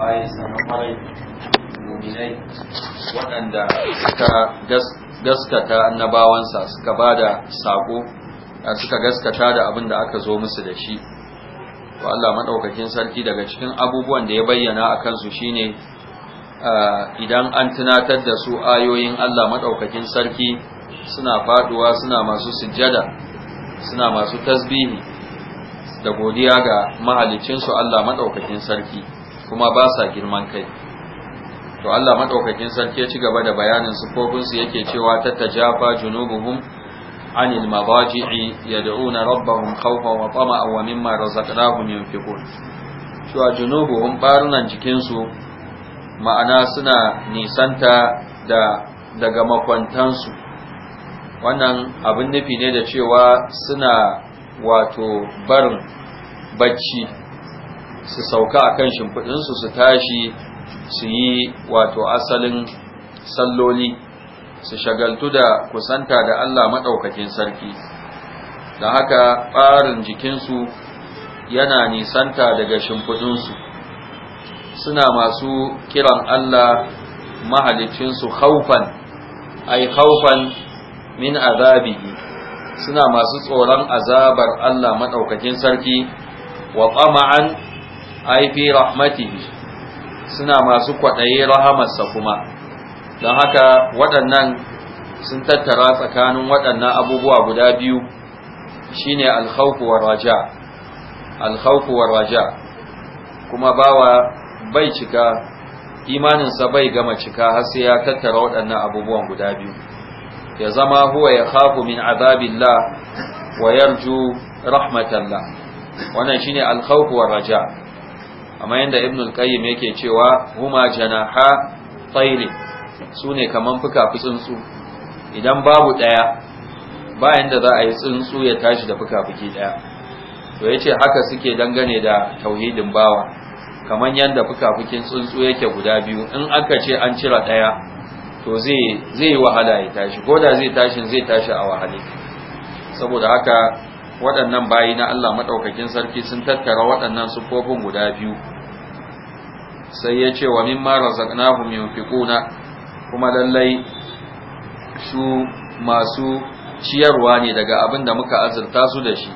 bayan sana kwarai dominai waɗanda suka gaskata na bawansa suka ba da saƙo suka gaskata da abin da aka zo musu da shi to Allah maɗaukakin sarki daga cikin abubuwan da ya bayyana a kansu shi ne idan an tunatar da su ayoyin Allah maɗaukakin sarki suna faɗuwa suna masu sujjada suna masu tasbihi da godiya ga mahalicinsu Allah maɗaukakin sarki kuma ba sa girman kai to Allah madaukakin sarki ya ci gaba da bayanin sifofin su yake cewa tatajafa junubuhum anil mabaji'i yad'una rabbahum khawfan wa tama'an wa mimma razaqnahum yunfiqun cewa junubuhum barunan jikin su ma'ana suna nisanta da daga su wannan abin nufi ne da cewa suna wato barin bacci su sauka a kan shimfiɗinsu su tashi su yi wato asalin salloli su shagaltu da kusanta da Allah maɗaukakin sarki da haka ɓarin jikinsu yana nisanta daga shimfiɗinsu suna masu kiran Allah mahalicinsu haufan ai haufan min azabi, suna masu tsoron azabar Allah maɗaukakin sarki wa ƙama'an ai fi rahmatihi suna masu kwaɗayi rahamarsa kuma don haka waɗannan sun tattara tsakanin waɗannan abubuwa guda biyu shine alkhawfu raja alkhawfu raja kuma bawa bai cika imaninsa bai gama cika har sai ya tattara waɗannan abubuwan guda biyu ya zama huwa ya khafu min azabillah wa yarju rahmatallah wannan shine alkhawfu raja' amma yanda ibn al-qayyim yake cewa huma janaha tayli sune kaman fuka tsuntsu idan babu daya ba yanda za a yi tsuntsu ya tashi da fuka fuki daya to yace haka suke dangane da tauhidin bawa kaman yanda fuka fukin tsuntsu yake guda biyu in aka ce an cira daya to zai zai wahala ya tashi ko da zai tashi, zai tashi a wahale saboda haka waɗannan bayi na Allah maɗaukakin sarki sun tattara waɗannan sufofin guda biyu sai ya ce wa mimma razaqnahum yunfiquna kuma lallai su masu ciyarwa ne daga abin da muka azurta su da shi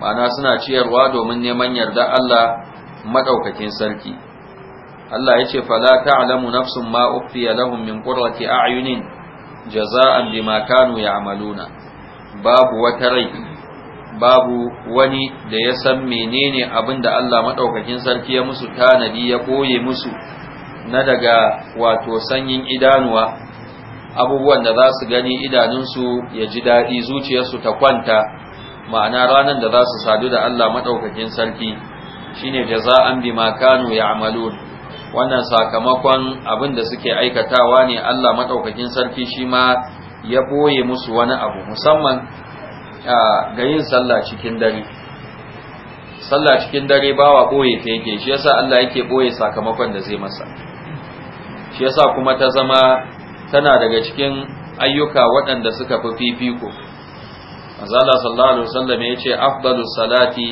mana suna ciyarwa domin neman yarda Allah maɗaukakin sarki Allah ya ce fala ta'lamu nafsun ma ukhfiya lahum min qurrati a'yunin jaza'an bima kanu ya'maluna babu wata rai babu wani da ya san menene abin da Allah maɗaukakin sarki ya musu tanadi ya ɓoye musu na daga wato sanyin idanuwa abubuwan da za su gani idanunsu ya ji daɗi zuciyarsu ta kwanta ma'ana ranar da za su sadu da Allah maɗaukakin sarki shine jaza'an bima kanu ya'malun wannan sakamakon abin da suke aikatawa ne Allah maɗaukakin sarki shi ma ya ɓoye musu wani abu musamman ga yin sallah cikin dare sallah cikin dare bawa ɓoye ta yake shi yasa Allah yake boye sakamakon da zai masa shi yasa kuma ta zama tana daga cikin ayyuka waɗanda suka fi fifiko azala sallallahu alaihi wasallam ce, afdalus salati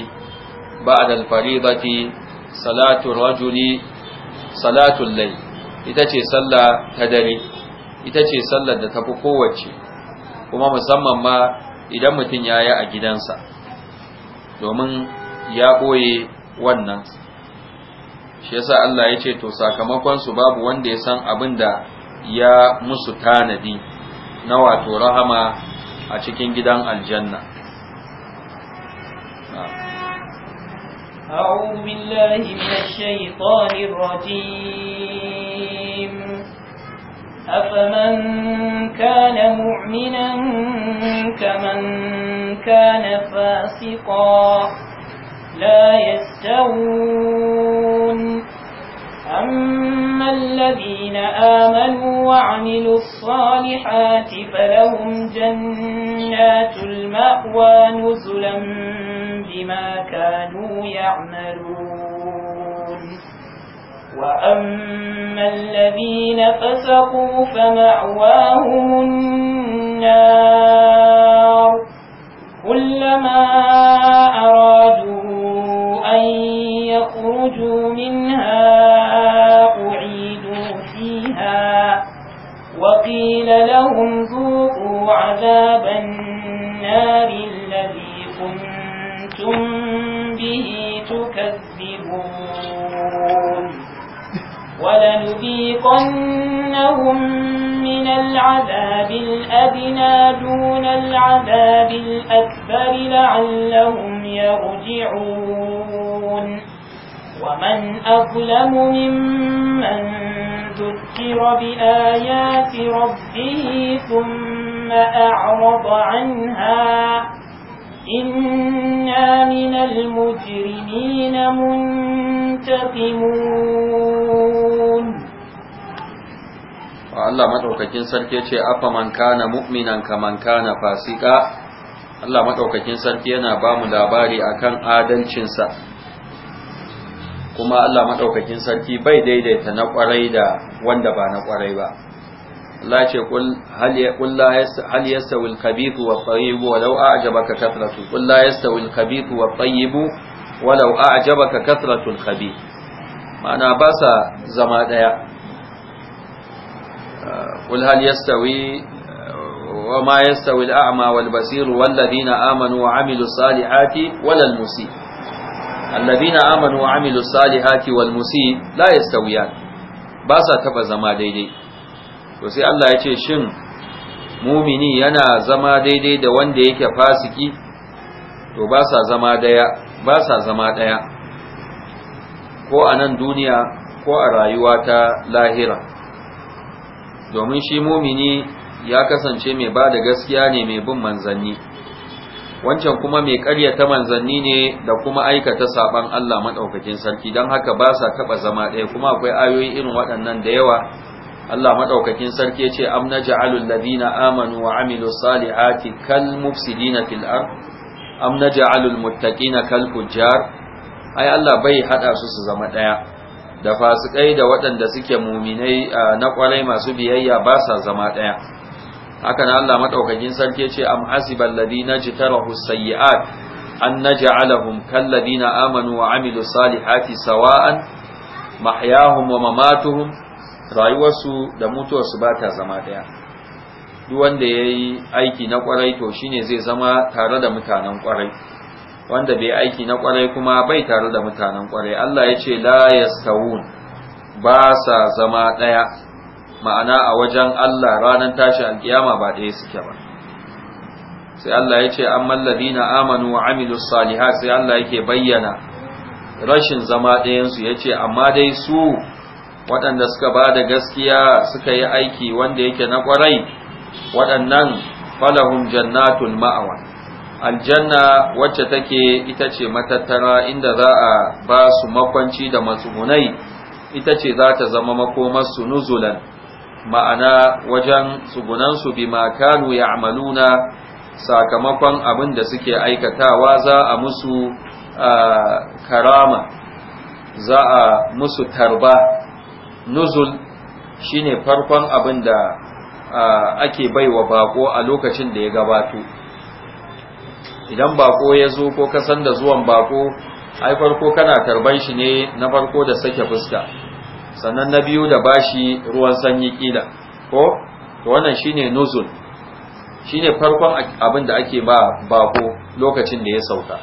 ba'da al-fariidati salatu rajuli al layl ita ce sallah ta dare ita ce sallar da tafi kowace kuma musamman ma idan mutum ya yi a gidansa domin ya ɓoye wannan shi yasa Allah ya ce to sakamakonsu babu wanda ya san abin da ya musu tanadi na wato rahama a cikin gidan aljanna أعوذ بالله من الشيطان الرجيم أفمن كان مؤمنا كمن كان فاسقا لا يستوون أما الذين آمنوا وعملوا الصالحات فلهم جنات المأوى نزلا بما كانوا يعملون وأما الذين فسقوا فمأواهم النار كلما أرادوا أن يخرجوا منها أعيدوا فيها وقيل لهم ذوقوا عذاب النار الذي كنتم به تكذبون ولنذيقنهم من العذاب الأدنى دون العذاب الأكبر لعلهم يرجعون ومن أظلم ممن ذكر بآيات ربه ثم أعرض عنها إنا من المجرمين منتقمون Allah madaukakin sarki yace afa man kana mu'minan man kana fasika Allah madaukakin sarki yana ba mu labari akan adalcinsa kuma Allah madaukakin sarki bai daidaita na kwarai da wanda ba na kwarai ba Allah ce kul hal ya kul la hal yastawi al khabith wa tayyib wa law a'jabaka kathratu kul la yastawi al khabith wa tayyib wa law a'jabaka kathratu al khabith ma'ana ba sa zama daya قل هل يستوي وما يستوي الأعمى والبصير والذين آمنوا وعملوا الصالحات ولا المسيء الذين آمنوا وعملوا الصالحات والمسيء لا يستويان باسا تبا زما daidai. to sai Allah ya ce shin mumini yana zama daidai da wanda yake fasiki to ba zama daya ba zama ɗaya. ko a nan duniya ko a rayuwa ta lahira domin shi mumini ya kasance mai ba da gaskiya ne mai bin manzanni wancan kuma mai ta manzanni ne da kuma aikata saban Allah madaukakin sarki don haka ba sa taba zama ɗaya kuma akwai ayoyi irin waɗannan da yawa Allah madaukakin sarki yace am naj'alul ladina amanu wa amilus salihati kal mufsidina fil ard am naj'alul muttaqina kal fujjar ai Allah bai hada su su zama ɗaya da fasikai da waɗanda suke muminai na kwarai masu biyayya ba sa zama ɗaya haka na Allah maɗaukakin sarki ce am hasibal ladina jitarahu sayyi'at an naj'alahum kal ladina amanu wa amilu salihati sawa'an mahyahum wa mamatuhum rayuwarsu da mutuwarsu ba ta zama ɗaya duk wanda yayi aiki na kwarai to shine zai zama tare da mutanen kwarai wanda bai aiki na kwarai kuma bai tare da mutanen kwarai Allah ya ce la yastawun ba sa zama daya ma'ana a wajen Allah ranar tashi alkiyama ba daya suke ba sai Allah ya ce amman ladina amanu wa amilu salihat sai Allah yake bayyana rashin zama ɗayansu su yace amma dai su waɗanda suka ba da gaskiya suka yi aiki wanda yake na kwarai waɗannan falahum jannatul ma'awa aljanna wacce take ita ce matattara inda za a ba su makwanci da matsugunai ita ce za ta zama makomarsu nuzulan ma'ana wajen tsugunansu bi makanu ya amaluna sakamakon abin da suke aikatawa za a musu karama za a musu tarba nuzul shine farkon abin da ake baiwa bako a lokacin da ya gabato idan bako ya zo ko ka san da zuwan bako ai farko kana tarban shi ne na farko da sake fuska sannan na biyu da bashi ruwan sanyi kila ko to wannan shine nuzul shine farkon abin da ake ba bako lokacin da ya sauka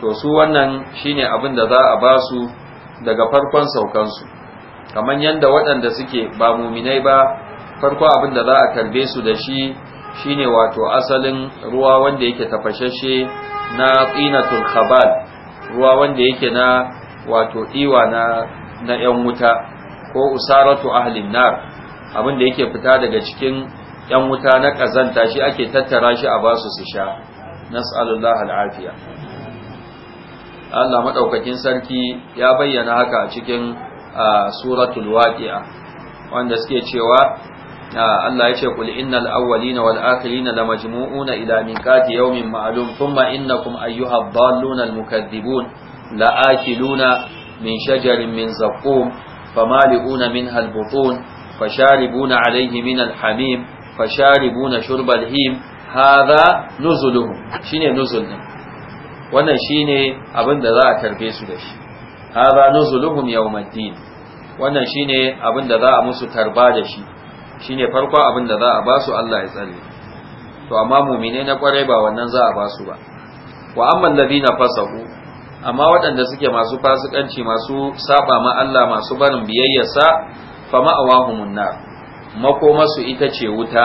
to su wannan shine abin da za a ba daga farkon saukansu kamar yanda waɗanda suke ba muminai ba farko abin da za a karbe su da shi shine wato asalin ruwa wanda yake tafashashe na tsinatul khabal ruwa wanda yake na wato iwa na na yan wuta ko usaratu ahlin nar abin da yake fita daga cikin yan wuta na kazanta shi ake tattara shi a basu su sha nas'alullah al'afiya Allah madaukakin sarki ya bayyana haka a cikin suratul waqi'a wanda suke cewa Allah ya ce kul innal awwalina wal akhirina lamajmu'una ila miqati yawmin ma'lum thumma innakum ayyuha ad-dalluna al-mukaththibun la'akiluna min shajarin min zaqqum famali'una minha al-butun fasharibuna alayhi min al-hamim fasharibuna shurbal him hadha nuzuluhum shine nuzul din wannan shine abin da za a tarbe su da shi hadha nuzuluhum yawmiddin wannan shine abin da za a musu tarba da shi shine farko abin da za a ba su Allah ya tsare to amma mumine na kwarai ba wannan za a ba su ba wa amma alladhina fasahu amma waɗanda suke masu fasikanci masu saba ma Allah masu barin biyayyarsa fa ma'awahumun nar makomasu ita ce wuta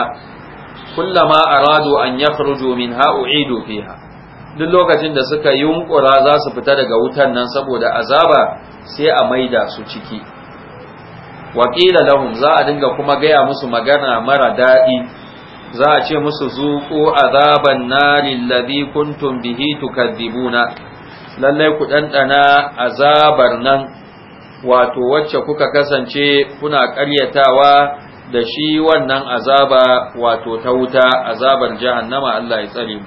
kullama aradu an yakhruju minha u'idu fiha duk lokacin da suka yunkura za su fita daga wutan nan saboda azaba sai a maida su ciki waƙila lahum za a dinga kuma gaya musu magana mara daɗi za a ce musu zuƙo azaban narin ladhi kuntum bihi tukadzibuna lallai ku ɗanɗana azabar nan wato wacce kuka kasance kuna ƙaryatawa da shi wannan azaba wato ta wuta azabar jahannama Allah ya tsare mu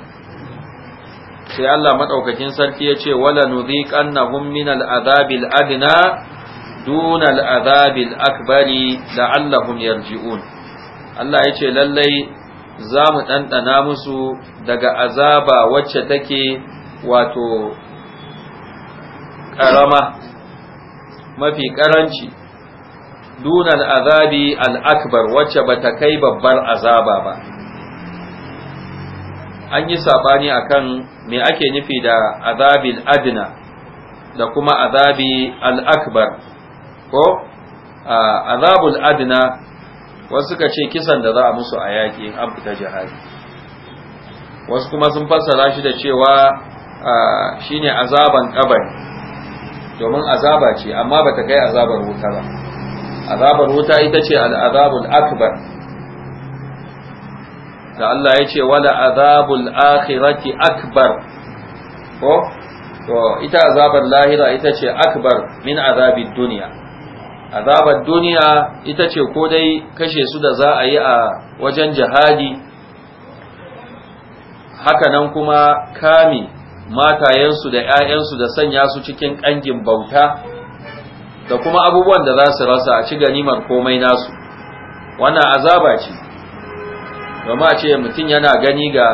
sai Allah madaukakin sarki ya ce wala nudhiqannahum min al-adhabil adna duna al'azabil akbari la'allahum yarji'un Allah yace lallai za mu ɗanɗana musu daga azaba wacce take wato ƙarama mafi ƙaranci duna al'azabi al'akbar wacce ba ta kai babbar azaba ba an yi saɓani akan me ake nufi da azabil adna da kuma azabi al'akbar ko azabul adna wasu suka ce kisan da za a musu a yaƙi in an fita jihadi wasu kuma sun fassara shi da cewa shine azaban kabari domin azaba ce amma bata kai azabar wuta ba azabar wuta ita ce al'azabul akbar da Allah ya ce wala azabul akhirati akbar ko ita azabar lahira ita ce akbar min azabin duniya azabar duniya ita ce ko dai kashe su da za a yi a wajen jihadi hakanan kuma kame matayensu da 'ya'yansu da sanya su cikin ƙangin bauta da kuma abubuwan da za su rasa a ci ganimar komai nasu wannan azaba ce domin a ce mutum yana gani ga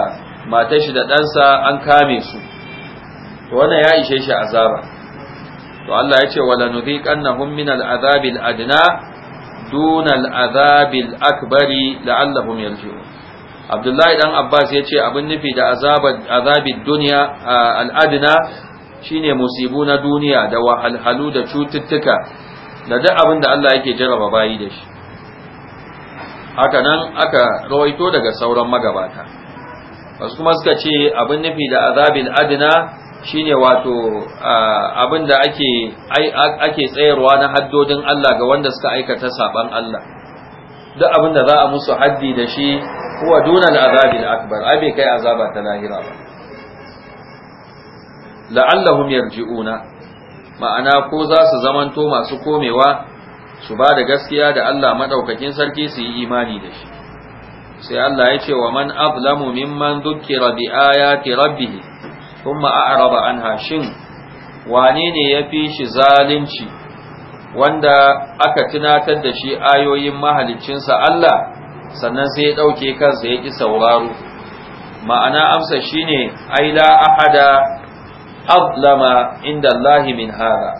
matashi da ɗansa an kame su wannan ya ishe shi azaba to Allah ya ce wala nudhiqannahum min al'azabil adna dun al'azabil akbari la'allahum yarji'un Abdullahi dan Abbas ya ce abin nufi da azabar azabid dunya al'adna shine musibu na duniya da wahalhalu da cututtuka da duk abin da Allah yake jaraba bayi da shi haka nan aka rawaito daga sauran magabata wasu kuma suka ce abin nufi da azabil adna shine wato abin da ake ake tsayarwa na haddodin Allah ga wanda suka aikata saban Allah duk abin da za a musu haddi da shi huwa dunal azabil akbar ai bai kai azaba ta lahira ba la'allahum yarji'una ma'ana ko za su zamanto masu komewa su ba da gaskiya da Allah madaukakin sarki su yi imani da shi sai Allah ya ce wa man azlamu mimman dhukkira bi ayati rabbih thumma a'raba anha shin wanene ne fi shi zalunci wanda aka tunatar da shi ayoyin mahaliccinsa Allah sannan sai ya ɗauke kansa ya ki sauraro ma'ana amsa shine ai ahada azlama inda Allah min hada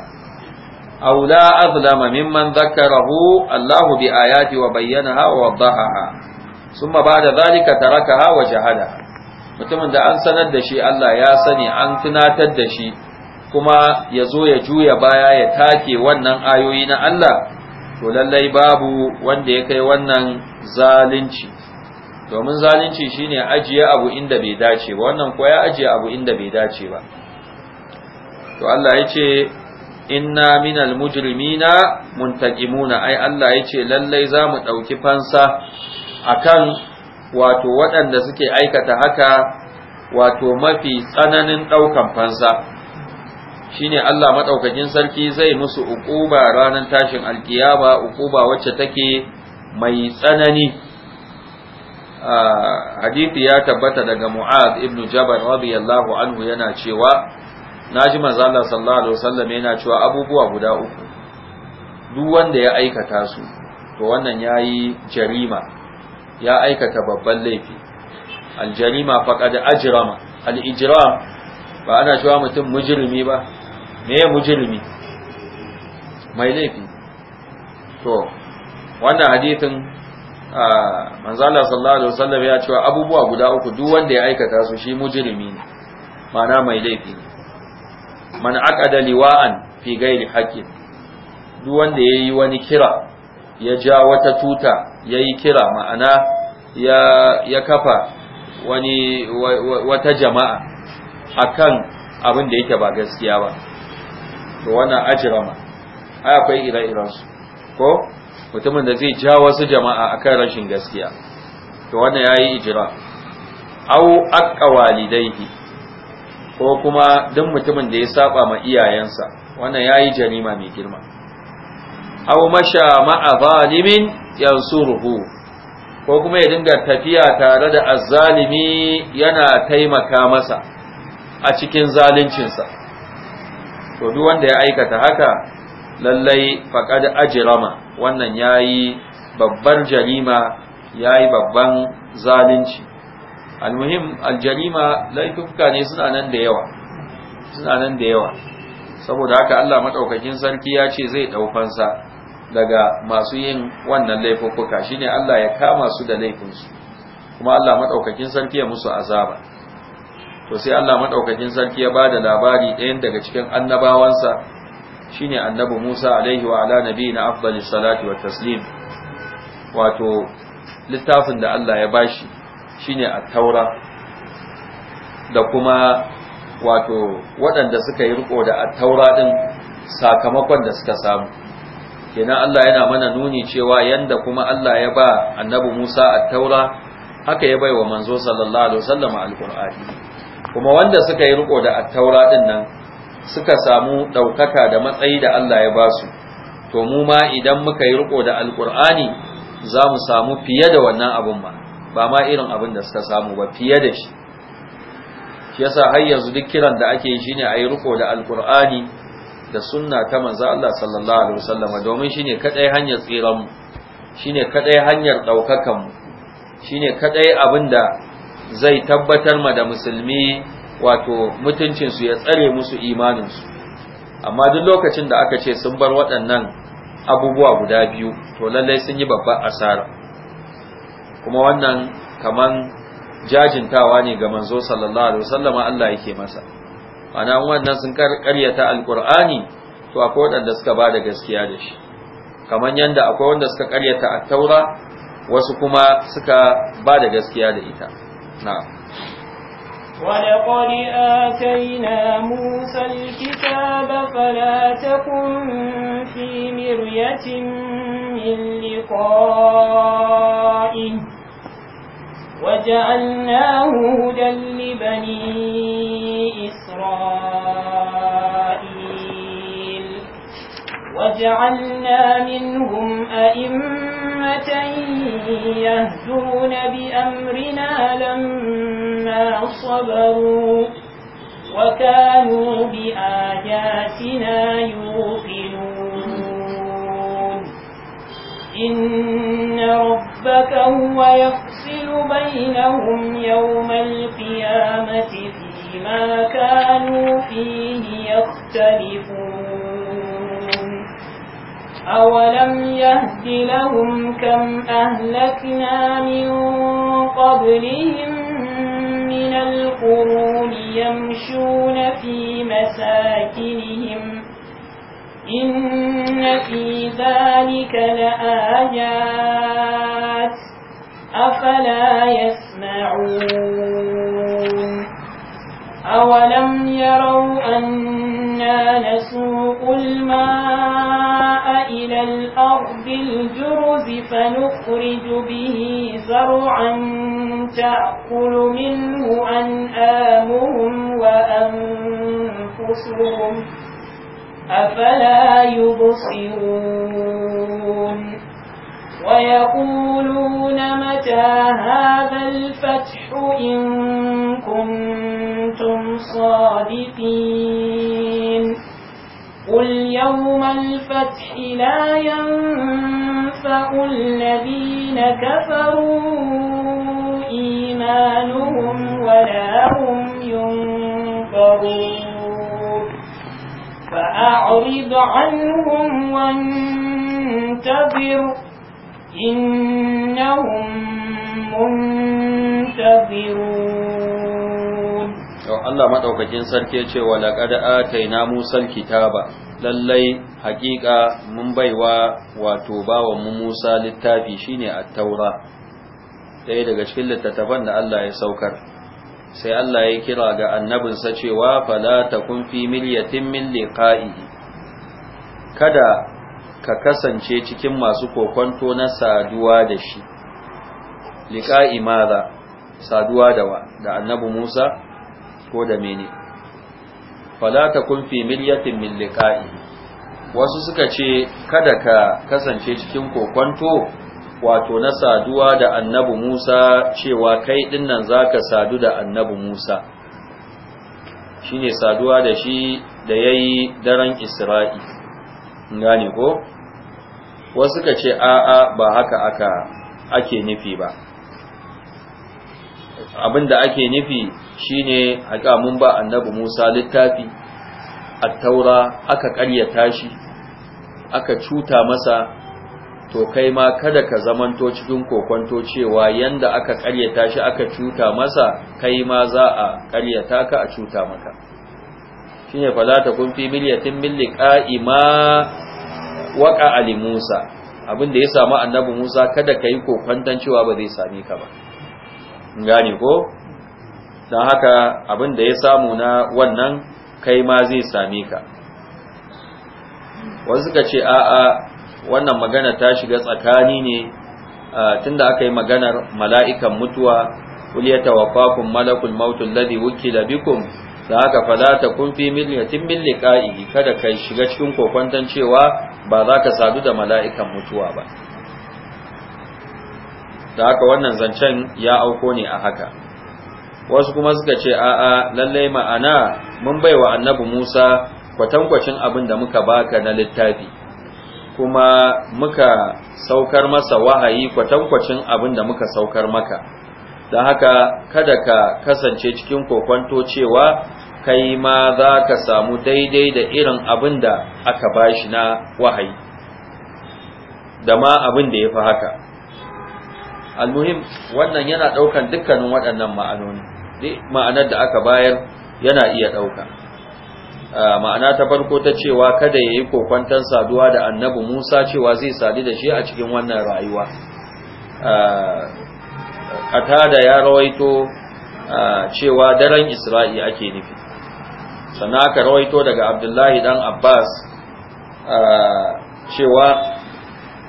aw azlama mimman dhakarahu allahu bi ayati wa bayyana wa waddahaha ثم بعد taraka hawa jahada mutumin da an sanar da shi Allah ya sani an tunatar da shi kuma ya zo ya juya baya ya take wannan ayoyi na Allah to lallai babu wanda ya kai wannan zalunci domin zalunci shine ajiye abu inda bai dace ba wannan ko ya ajiye abu inda bai dace ba to Allah ya ce inna minal mujrimina muntaqimuna ai Allah ya ce lallai za mu ɗauki fansa akan wato waɗanda suke aikata haka wato mafi tsananin ɗaukan fansa shine Allah maɗaukakin sarki zai musu uquba ranar tashin alkiyaba uquba wacce take mai tsanani hadithi ya tabbata daga Mu'ad ibn Jabal radiyallahu anhu yana cewa naji manzo Allah sallallahu alaihi wasallam yana cewa abubuwa guda uku duk wanda ya aikata su to wannan yayi jarima ya aikata babban laifi aljarima faqad ajrama alijram ba ana cewa mutum mujrimi ba ya mujrimi mai laifi to wannan hadithin manzo Allah sallallahu alaihi wasallam ya cewa abubuwa guda uku duk wanda ya aikata su shi mujrimi ne ma'ana mai laifi ne man aqada liwa'an fi ghairi haqqin duk wanda yayi wani kira ya ja wata tuta ya yi kira ma'ana ya kafa wani wata jama'a akan abin da yake ba gaskiya ba to a ajirama ai akwai ire-irensu ko mutumin da zai ja wasu jama'a akan rashin gaskiya to ya yi ijira au walidai walidaihi ko kuma duk mutumin da ya saba ma iyayensa wannan yayi jarima mai girma aw masha ma'a zalimin yansuruhu ko kuma ya dinga tafiya tare da azzalimi yana taimaka masa a cikin zaluncinsa to duk wanda ya aikata haka lallai faqad ajrama wannan yayi babbar jarima yayi babban zalunci almuhim aljarima laifuka ne suna nan da yawa suna nan da yawa saboda haka Allah madaukakin sarki ya ce zai sa daga masu yin wannan laifuffuka shine Allah ya kama su da laifinsu kuma Allah maɗaukakin sarki ya musu azaba to sai Allah maɗaukakin sarki ya ba da labari ɗayan daga cikin annabawansa shine annabi Musa alaihi wa ala na afdalis salati wa taslim wato littafin da Allah ya bashi shine a taura da kuma wato waɗanda suka yi riko da a taura ɗin sakamakon da suka samu kenan Allah yana mana nuni cewa yanda kuma Allah ya ba annabi Musa at-taura haka ya bai wa manzo sallallahu alaihi wasallam al-Qur'ani kuma wanda suka yi riko da at-taura din nan suka samu daukaka da matsayi da Allah ya ba su to mu ma idan muka yi riko da al-Qur'ani za mu samu fiye da wannan abun ba, ba ma irin abin da suka samu ba fiye da shi shi yasa har yanzu duk kiran da ake yi shine ayi riko da al da sunna ta manzo Allah sallallahu alaihi wasallam domin shine kadai hanyar tsiran mu shine kadai hanyar daukakan mu shine kadai abinda zai tabbatar ma da musulmi wato mutuncin su ya tsare musu imanin su amma duk lokacin da aka ce sun bar waɗannan abubuwa guda biyu to lallai sun yi babbar asara kuma wannan kaman jajintawa ne ga manzo sallallahu alaihi wasallama Allah yake masa ana wannan sun karyata alkur'ani to akwai waɗanda suka ba da gaskiya da shi kamar yadda akwai wanda suka karyata a taura wasu kuma suka ba da gaskiya da ita na'am ولقد آتينا موسى الكتاب فلا تكن في مرية من لقائه وجعلناه هدى لبنين إسرائيل وجعلنا منهم أئمة يهدون بأمرنا لما صبروا وكانوا بآياتنا يوقنون إن ربك هو يفصل بينهم يوم القيامة فيه بما كانوا فيه يختلفون أولم يهد لهم كم أهلكنا من قبلهم من القرون يمشون في مساكنهم إن في ذلك لآيات أفلا يسمعون أولم يروا أنا نسوق الماء إلى الأرض الجرز فنخرج به زرعا تأكل منه أنآمهم وأنفسهم أفلا يبصرون ويقولون متى هذا الفتح إن كنت صادقين قل يوم الفتح لا ينفع الذين كفروا إيمانهم ولا هم ينفرون فأعرض عنهم وانتظر إنهم منتظرون Allah madaukakin sarki ya ce wa laqad ataina musar kitaba lallai haƙiƙa mun baiwa wato bawan mu Musa littafi shine at-taura ɗaya daga cikin littattafan da Allah ya saukar sai Allah ya kira ga annabinsa cewa fala takun fi milyatin min liqa'i kada ka kasance cikin masu kokonto na saduwa da shi liqa'i mara saduwa da wa da annabi Musa ko da mene fala kun fi milyatin min liqa'i wasu suka ce kada ka kasance cikin kokonto wato na saduwa da annabi Musa cewa kai dinnan zaka sadu da annabi Musa shine saduwa da shi da yayi daren Isra'i gane ko wasu suka ce a'a ba haka aka ake nufi ba abinda ake nufi shine haƙa mun ba annabi Musa littafi a taura aka ƙaryata shi aka cuta masa to kai ma kada ka zamanto cikin kokonto cewa yanda aka ƙaryata shi aka cuta masa kai ma za a ƙaryata ka a cuta maka shine za ta kun fi milyatin milli qa'ima waqa ali Musa abin da ya samu annabi Musa kada ka yi cewa ba zai same ka ba ngane ko don haka abin da ya samu na wannan kai ma zai same ka wasu suka ce a'a wannan magana ta shiga tsakani ne tunda aka yi maganar mala'ikan mutuwa kuli ya tawaffakum malakul ladi wuki wukila bikum da haka fa za ta kun fi milliyatin min liqa'ihi kada kai shiga cikin kokwantan cewa ba za ka sadu da mala'ikan mutuwa ba da haka wannan zancen ya auko ne a haka wasu kuma suka ce a'a lallai ma'ana mun baiwa annabi Musa kwatankwacin abin da muka baka na littafi kuma muka saukar masa wahayi kwatankwacin abin da muka saukar maka don haka kada ka kasance cikin kokwanto cewa kai ma za ka samu daidai da irin abin da aka bashi na wahayi da ma abin da ya fi haka almuhim wannan yana ɗaukan dukkanin waɗannan ma'anoni duk ma'anar da aka bayar yana iya ɗauka ma'ana ta farko ta cewa kada ya yi kokwantar saduwa da annabi musa cewa zai sadu da shi a cikin wannan rayuwa a tada ya rawaito cewa daren isra'i ake nufi sannan aka rawaito daga abdullahi dan abbas cewa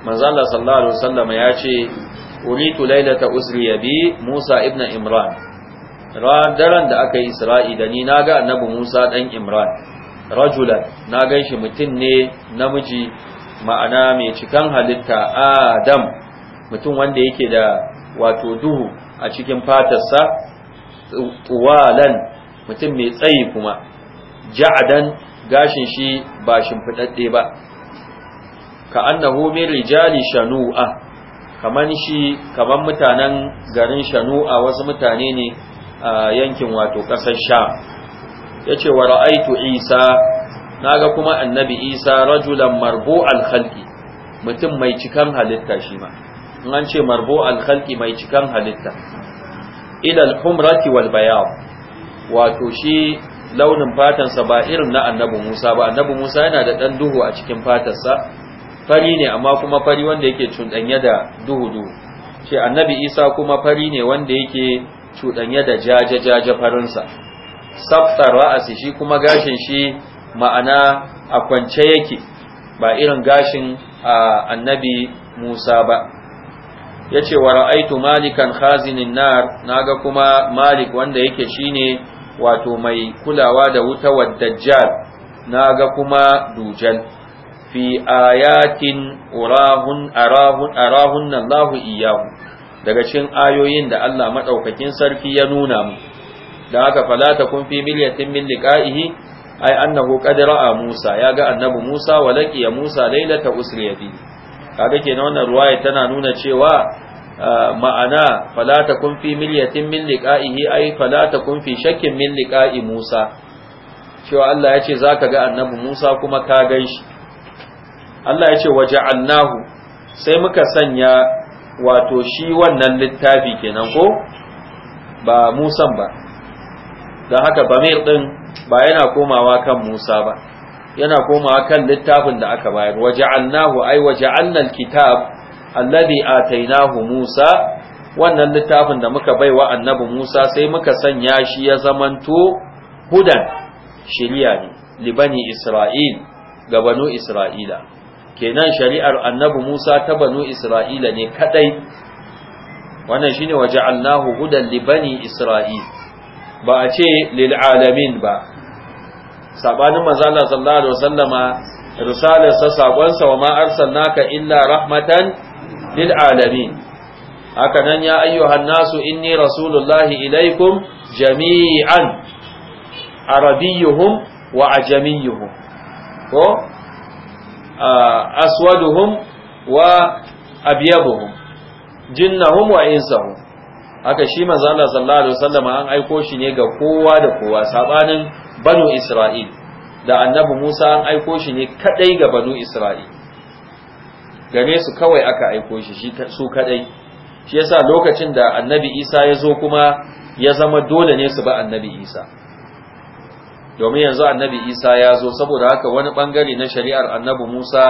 manzala sallallahu alaihi wasallam ya ce uritu lailata usri bi musa ibn imran Ran daren da aka yi isra'i da ni na ga annabi musa ɗan imran rajula na gan shi mutum ne namiji ma'ana mai cikan halitta adam mutum wanda yake da wato duhu a cikin fatarsa tuwalan mutum mai tsayi kuma ja'adan gashin shi ba shimfiɗaɗɗe ba ka annahu min rijali shanu'a kaman shi kaman mutanen garin shanu'a wasu mutane ne yankin wato ƙasar sha ya ce wa ra'aitu isa na ga kuma annabi isa rajulan marbo alhalki mutum mai cikan halitta shi ma in an ce marbo alhalki mai cikan halitta ilal humrati wal bayan wato shi launin fatansa ba irin na annabi musa ba annabi musa yana da ɗan duhu a cikin fatarsa fari ne amma kuma fari wanda yake cunɗanye da duhu duhu ce annabi isa kuma fari ne wanda yake cuɗanye da jaje-jaje farinsa saftar ra'asi shi kuma gashin shi ma'ana a kwance yake ba irin gashin a annabi musa ba ya ce wa ra'aitu malikan khazinin nar naga kuma malik wanda yake shine wato mai kulawa da wuta wa dajjal naga kuma dujal fi ayatin arahun arahun arahun Allahu iyahu daga cikin ayoyin da Allah maɗaukakin sarki ya nuna mu da haka fala kun fi miliyatin min liqa'ihi ai annahu qad a Musa ya ga annabi Musa wa ya Musa lailata usriyati kaga kenan wannan ruwaya tana nuna cewa ma'ana fala kun fi miliyatin min liqa'ihi ai fala kun fi shakkin min liqa'i Musa cewa Allah ya ce zaka ga annabi Musa kuma ka gan shi Allah ya ce annahu sai muka sanya wato shi wannan littafi kenan ko ba musan ba don haka bamir din ba yana komawa kan musa ba yana komawa kan littafin da aka bayar waje ay kitab allabi alladhi atainahu musa wannan littafin da muka baiwa annabi musa sai muka sanya shi ya zamanto hudan shiliya ne libani isra'il ga banu isra'ila kenan shari'ar annabi Musa ta banu Isra'ila ne kadai wannan shine waja'alnahu hudan li bani Isra'il ba a ce lil alamin ba sabanin manzo Allah sallallahu alaihi wasallama risalar sa sa wa ma arsalnaka illa rahmatan lil alamin haka nan ya ayyuhan nasu inni rasulullahi ilaikum jami'an arabiyuhum wa ajamiyyuhum ko aswaduhum wa abyabuhum jinnahum wa insahum haka shi manzo Allah sallallahu alaihi wasallam an aiko shi ne ga kowa da kowa sabanin banu Isra'il da annabi Musa an aiko shi ne kadai ga banu Isra'il game su kawai aka aiko shi su kadai shi yasa lokacin da annabi Isa ya zo kuma ya zama dole ne su ba annabi Isa domin yanzu annabi isa ya zo saboda haka wani bangare na shari'ar annabi musa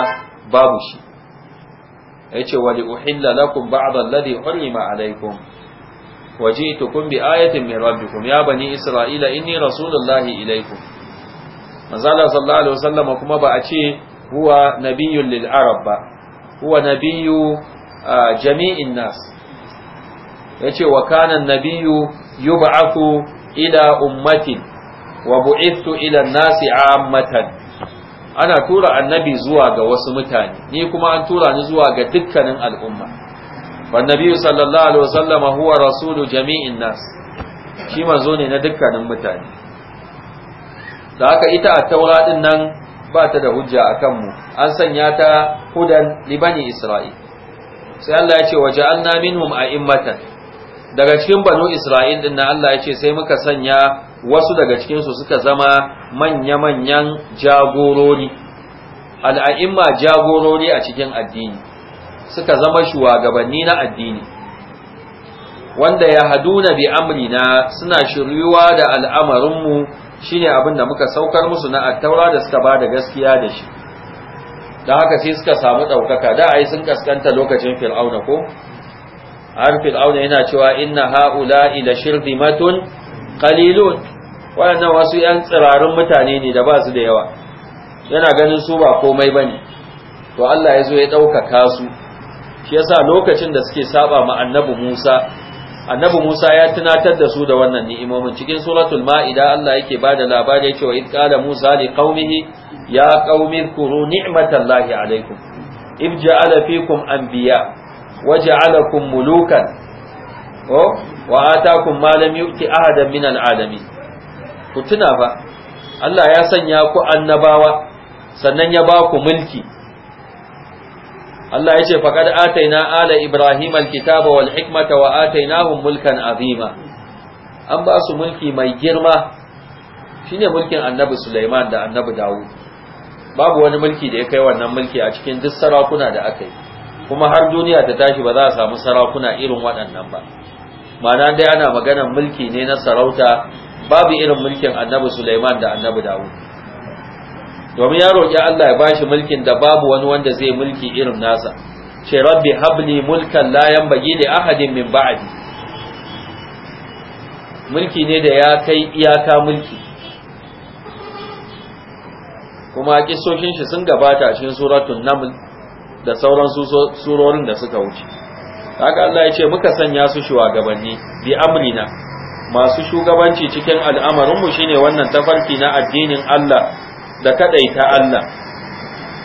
babu shi ya ce wali uhilla lakum ba'da alladhi hurrima alaikum? waji'tukum bi ayatin min rabbikum ya bani isra'ila inni rasulullahi ilaykum manzala sallallahu alaihi wasallam kuma ba a ce huwa nabiyyun lil arab ba huwa nabiyyu jami'in nas yace wa kana nabiyyu yub'athu ila ummatin wa bu'ithu ila nasi ammatan ana tura annabi zuwa ga wasu mutane ni kuma an tura ni zuwa ga dukkanin al'umma wan nabiyyu sallallahu alaihi wasallama huwa rasulu jami'in nas shi manzo ne na dukkanin mutane da haka ita a taura din nan ba ta da hujja akan mu an sanya ta hudan libani isra'il sai Allah ya ce wa ja'alna minhum a'immatan daga cikin banu isra'il din na Allah ya ce sai muka sanya wasu daga cikinsu suka zama manya-manyan jagorori al'a'imma jagorori a cikin addini suka zama shugabanni na addini wanda ya haduna bi amrina suna shiryuwa da al'amarinmu shine abin da muka saukar musu na attaura da suka ba da gaskiya da shi da haka sai suka samu ɗaukaka da yi sun kaskanta lokacin fir'auna ko har fir'auna yana cewa inna ha'ula'i la shirdimatun qalilun wayannan wasu yan tsirarun mutane ne da ba su da yawa yana ganin su ba komai bane to Allah ya zo ya ɗaukaka su shi yasa lokacin da suke saba ma annabi Musa annabi Musa ya tunatar da su da wannan ni'imomin cikin suratul ma'ida Allah yake bada labari yake wa id Musa li ya qaumi kuru ni'matallahi alaikum id alafikum fikum anbiya waja'alakum mulukan oh wa atakum ma lam yu'ti ahadan min al'alamin ku tuna ba Allah ya sanya ku annabawa sannan ya ba ku mulki Allah ya ce faqad ataina ala ibrahim alkitaba wal hikmata wa atainahum mulkan azima an ba su mulki mai girma shine mulkin annabi Sulaiman da annabi Dawud babu wani mulki da ya kai wannan mulki a cikin duk sarakuna da aka yi kuma har duniya ta tashi ba za a samu sarakuna irin waɗannan ba mana dai ana maganar mulki ne na sarauta babu irin mulkin annabi Sulaiman da annabi Dawud domin ya roƙi Allah ya bashi mulkin da babu wani wanda zai mulki irin nasa ce rabbi habli mulkan la yanbaghi li ahadin min ba'di mulki ne da ya kai iyaka mulki kuma kisoshin shi sun gabata cikin suratul naml da sauran surorin da suka wuce haka Allah ya ce muka sanya su shugabanni bi amrina masu shugabanci cikin al'amarinmu shine wannan tafarki na addinin Allah da kadaita Allah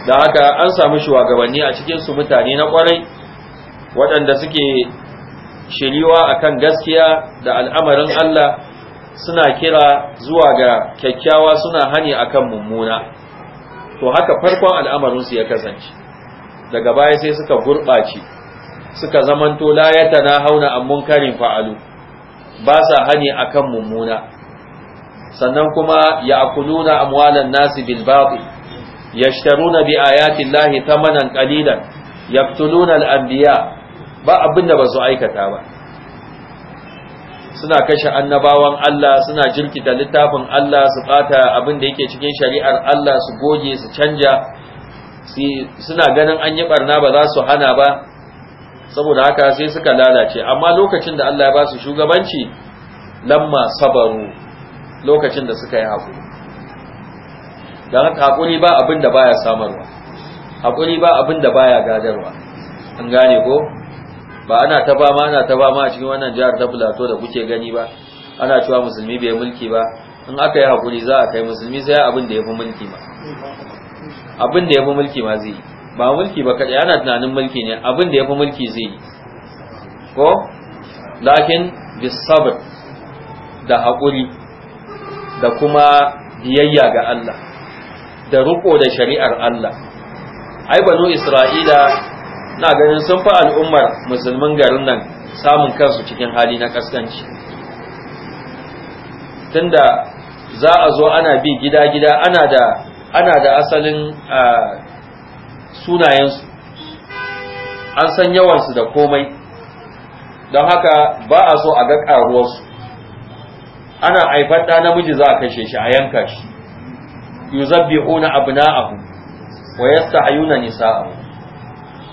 da haka an samu shugabanni a cikin su mutane na kwarai waɗanda suke shiriwa akan gaskiya da al'amarin Allah suna kira zuwa ga kyakkyawa suna hani akan mummuna to haka farkon al'amarin su ya kasance daga baya sai suka gurɓace suka zamanto la yatana hauna a munkarin fa'alu ba sa hani kan mummuna sannan kuma ya'kuluna amwalan nasi bil batil yashtaruna ta manan ƙalilan, thamanan qalilan yaqtuluna al anbiya ba abinda ba su aikata ba suna kashe annabawan Allah suna jirkita littafin Allah su ƙata abin da yake cikin shari'ar Allah su goge su canja suna ganin an yi barna ba za su hana ba saboda haka sai suka lalace amma lokacin da Allah ya ba su shugabanci lamma sabaru lokacin da suka yi haƙuri don haƙuri ba abin da baya samarwa haƙuri ba abin da baya gadarwa an gane ko ba ana ta ma ana ta ma a cikin wannan jihar ta bulato da kuke gani ba ana cewa musulmi bai mulki ba in aka yi haƙuri za a kai musulmi sai abin da ya fi mulki ba abin da ya fi mulki ma zai ba mulki ba kaɗai ana tunanin mulki ne abin da ya fi mulki zai yi ko lakin bisabr da haƙuri da kuma biyayya ga Allah da riko da shari'ar Allah ai banu isra'ila na ganin sun fi al'ummar musulmin garin nan samun kansu cikin hali na kaskanci tunda za a zo ana bi gida-gida ana da ana da asalin sunayensu an san yawansu da komai don haka ba a so a ga ƙaruwarsu ana haifar ɗa namiji za a kashe shi a yanka shi abu na abu wa nisa abu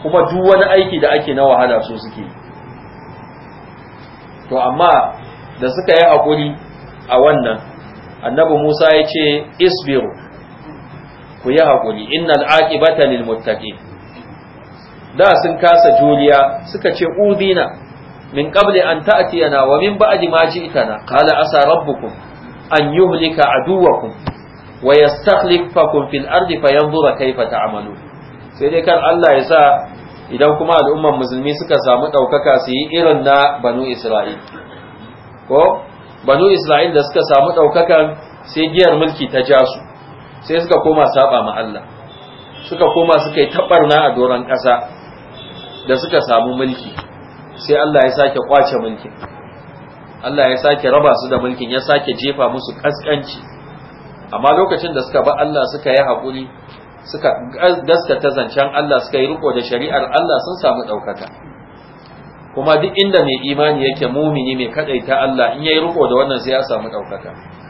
kuma duk wani aiki da ake na wahala so suke to amma da suka yi haƙuri a wannan annabi Musa ya ce isbiru ku yi haƙuri innal aqibata lil muttaqin da sun kasa juriya suka ce udina min qabli an ta'tiyana wa min ba'di ma ji'tana qala asa rabbukum an yuhlika aduwakum wa yastakhlifakum fil ardi fayanzura kayfa ta'malun sai dai kan Allah ya sa idan kuma al'ummar musulmi suka samu ɗaukaka su yi irin na banu Isra'il ko banu Isra'il da suka samu ɗaukakan sai giyar mulki ta ja su sai suka koma saba ma Allah suka koma suka yi tabarna a doron ƙasa da suka samu mulki sai Allah ya sake kwace mulkin Allah ya sake raba su da mulkin ya sake jefa musu kaskanci amma lokacin da suka ba Allah suka yi haƙuri suka gaskata zancen Allah suka yi riko da shari'ar Allah sun samu ɗaukaka kuma duk inda mai imani yake mumini mai kadaita Allah in yayi riko da wannan sai ya samu ɗaukaka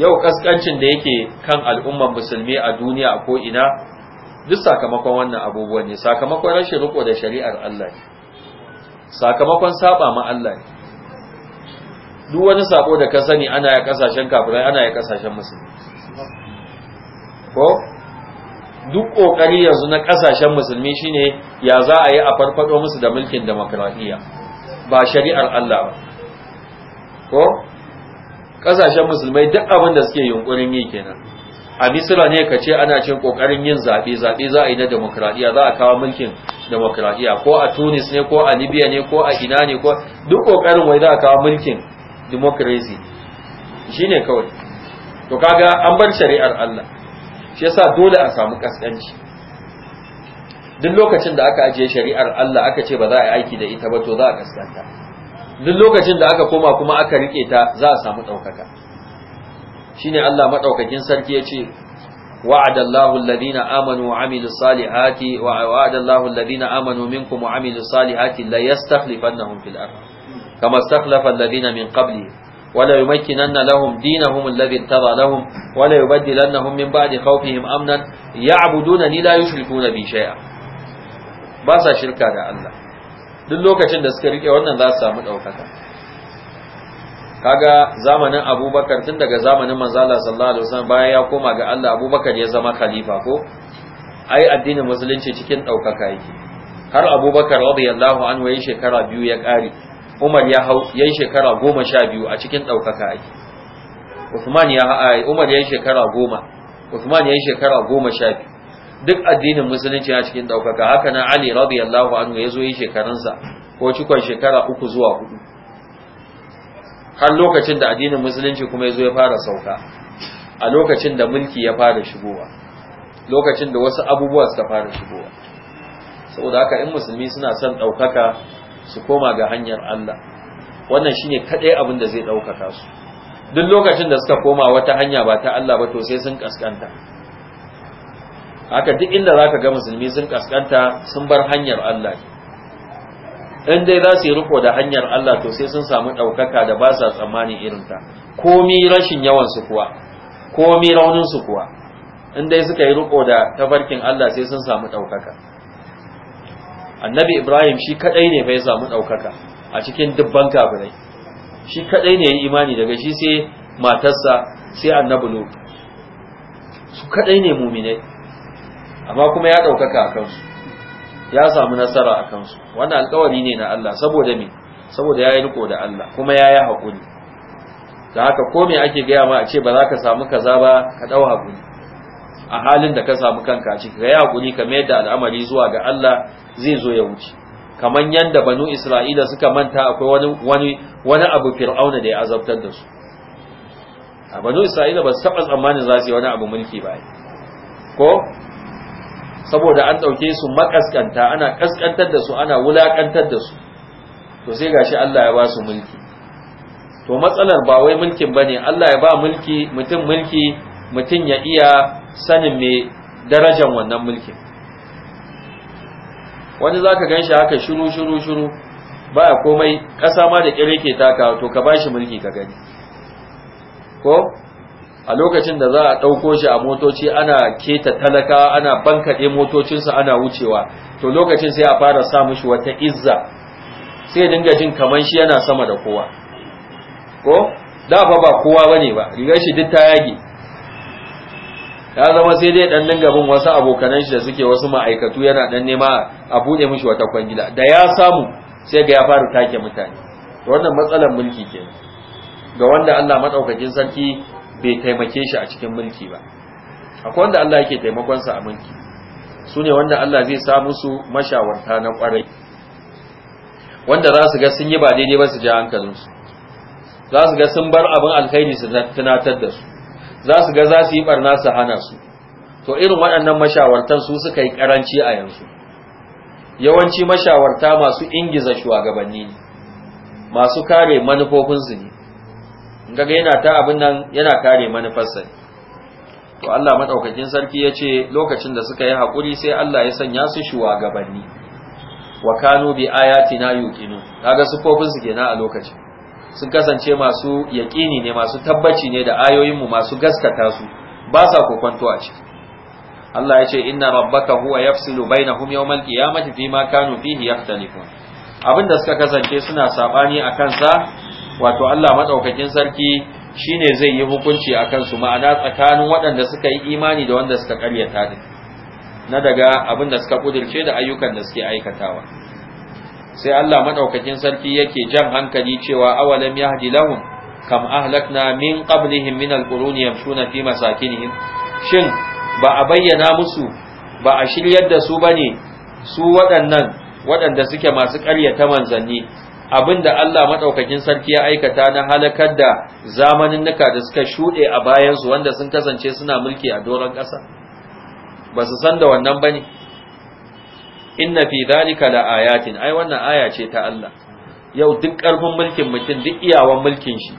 yau kaskancin da yake kan al'ummar musulmi a duniya a ko ina duk sakamakon wannan abubuwan ne sakamakon rashin riko da shari'ar Allah ne sakamakon saba ma Allah ne duk wani sako da ka sani ana ya kasashen kafirai ana ya kasashen musulmi ko duk kokari yanzu na kasashen musulmi shine ya za a yi a farfado musu da mulkin demokradiyya ba shari'ar Allah ba ko kasashen musulmai duk abin da suke yunkurin yi kenan a misira ne ka ce ana cin kokarin yin zaɓe zaɓe za a yi na demokradiyya za a kawo mulkin demokradiyya ko a tunis ne ko a libya ne ko a ina ne ko duk kokarin wai za a kawo mulkin democracy ne kawai to kaga an bar shari'ar Allah shi yasa dole a samu kaskanci duk lokacin da aka ajiye shari'ar Allah aka ce ba za a yi aiki da ita ba to za a kaskanta duk lokacin da aka koma kuma aka rike ta za a samu ɗaukaka shi Allah maɗaukakin sarki ya ce wa’adar lahun ladina amanu wa amilu salihati wa’adar lahun ladina amanu min kuma salihati la ya na hunfil ar kama stahlifan ladina wala yi maki nan dina hunun labin tara lahun wala yi baddi na hun ba ni haufihim amnan ya abu duna ni layu shirku na bishaya ba sa shirka da Allah duk lokacin da suka rike wannan za su samu ɗaukaka kaga zamanin abubakar tun daga zamanin manzala sallallahu alaihi wasallam bayan ya koma ga Allah abubakar ya zama khalifa ko ai addinin musulunci cikin ɗaukaka yake har abubakar radiyallahu anhu yayin shekara biyu ya ƙare umar ya hau yayin shekara goma sha biyu a cikin ɗaukaka yake Usman ya umar yayin shekara goma Usman yayin shekara goma sha biyu duk addinin musulunci a cikin ɗaukaka haka na ali radiyallahu anhu ya zo yi shekarunsa ko cikon shekara uku zuwa hudu har lokacin da addinin musulunci kuma ya zo ya fara sauka a lokacin da mulki ya fara shigowa lokacin da wasu abubuwa suka fara shigowa saboda haka in musulmi suna son ɗaukaka su koma ga hanyar Allah wannan shine kaɗai abin da zai ɗaukaka su duk lokacin da suka koma wata hanya ba ta Allah ba to sai sun kaskanta haka duk inda za ka ga musulmi sun kaskanta sun bar hanyar Allah in dai za su yi riko da hanyar Allah to sai sun samu ɗaukaka da ba sa tsammanin irinta komi rashin yawan su kuwa komi raunin su kuwa in dai suka yi riko da tafarkin Allah sai sun samu ɗaukaka annabi ibrahim shi kadai ne bai samu ɗaukaka a cikin dubban kafirai shi kadai ne ya imani daga shi sai matarsa sai annabi lut su kadai ne muminai amma kuma ya ɗaukaka a kansu ya samu nasara a kansu wannan alkawari ne na Allah saboda me saboda ya yi riko da Allah kuma ya yi haƙuri da haka ko me ake gaya ma a ce ba za ka samu kaza ba ka ɗau haƙuri a halin da ka samu kanka a ciki ka yi haƙuri ka mayar da al'amari zuwa ga Allah zai zo ya wuce kamar yadda banu isra'ila suka manta akwai wani wani wani abu fir'auna da ya azabtar da su a banu isra'ila ba su taɓa tsammanin za su yi wani abu mulki ba ko saboda an ɗauke su makaskanta ana kaskantar da su ana wulaƙantar da su to sai gashi Allah ya ba su mulki to matsalar ba wai mulkin bane Allah ya ba mulki mutum mulki mutum ya iya sanin me darajar wannan mulkin wani zaka ganshi haka shiru shiru shiru baya komai ƙasa ma da kire ta taka to ka bashi mulki ka gani ko a lokacin da za a ɗauko shi a motoci ana keta talaka ana bankaɗe motocinsa ana wucewa to lokacin sai a fara sa mushi wata izza sai dinga jin kamar shi yana sama da kowa ko da fa ba kowa bane ba riga shi duk ta yage ya zama sai dai ɗan dinga bin wasu abokanan shi da suke wasu ma'aikatu yana dan nema a buɗe mishi wata kwangila da ya samu sai ga ya fara take mutane Da wannan matsalar mulki kenan ga wanda Allah madaukakin sarki bai taimake shi a cikin mulki ba akwai wanda Allah yake taimakonsa a mulki su ne wanda Allah zai sa musu mashawarta na kwarai wanda za su ga sun yi ba daidai ba su ja hankalinsu za su ga sun bar abin alkhairi su tunatar da su za su ga za su yi barna su hana su to irin waɗannan mashawartan su suka yi karanci a yanzu yawanci mashawarta masu ingiza shugabanni ne masu kare manufofinsu ne gaga yana ta abin nan yana kare manufarsa to Allah madaukakin sarki yace lokacin da suka yi hakuri sai Allah ya sanya su shugabanni wa kanu bi ayatina yuqinu kaga sufofin su kenan a lokacin sun kasance masu yaqini ne masu tabbaci ne da ayoyin mu masu gaskata su ba sa kokonto a ciki Allah yace inna rabbaka huwa yafsilu bainahum yawmal qiyamati fima kanu fihi yaftalifun abinda suka kasance suna sabani akan sa wato Allah madaukakin sarki shine zai yi hukunci akan su ma'ana tsakanin waɗanda suka yi imani da wanda suka karyata din na daga abin da suka kudirce da ayyukan da suke aikatawa sai Allah madaukakin sarki yake jan hankali cewa awalam yahdi lahum kam ahlakna min qablihim min alqurun yamshuna fi masakinihim shin ba a bayyana musu ba a shiryar da su bane su waɗannan waɗanda suke masu ƙaryata manzanni Abin da Allah madaukakin sarki ya aikata na halakar da zamanin nuka da suka shuɗe a bayansu wanda sun kasance suna mulki a doron ƙasa ba su san da wannan ba ne inna fi zalika la ayatin ai wannan aya ce ta Allah yau duk ƙarfin mulkin mutum duk iyawan mulkin shi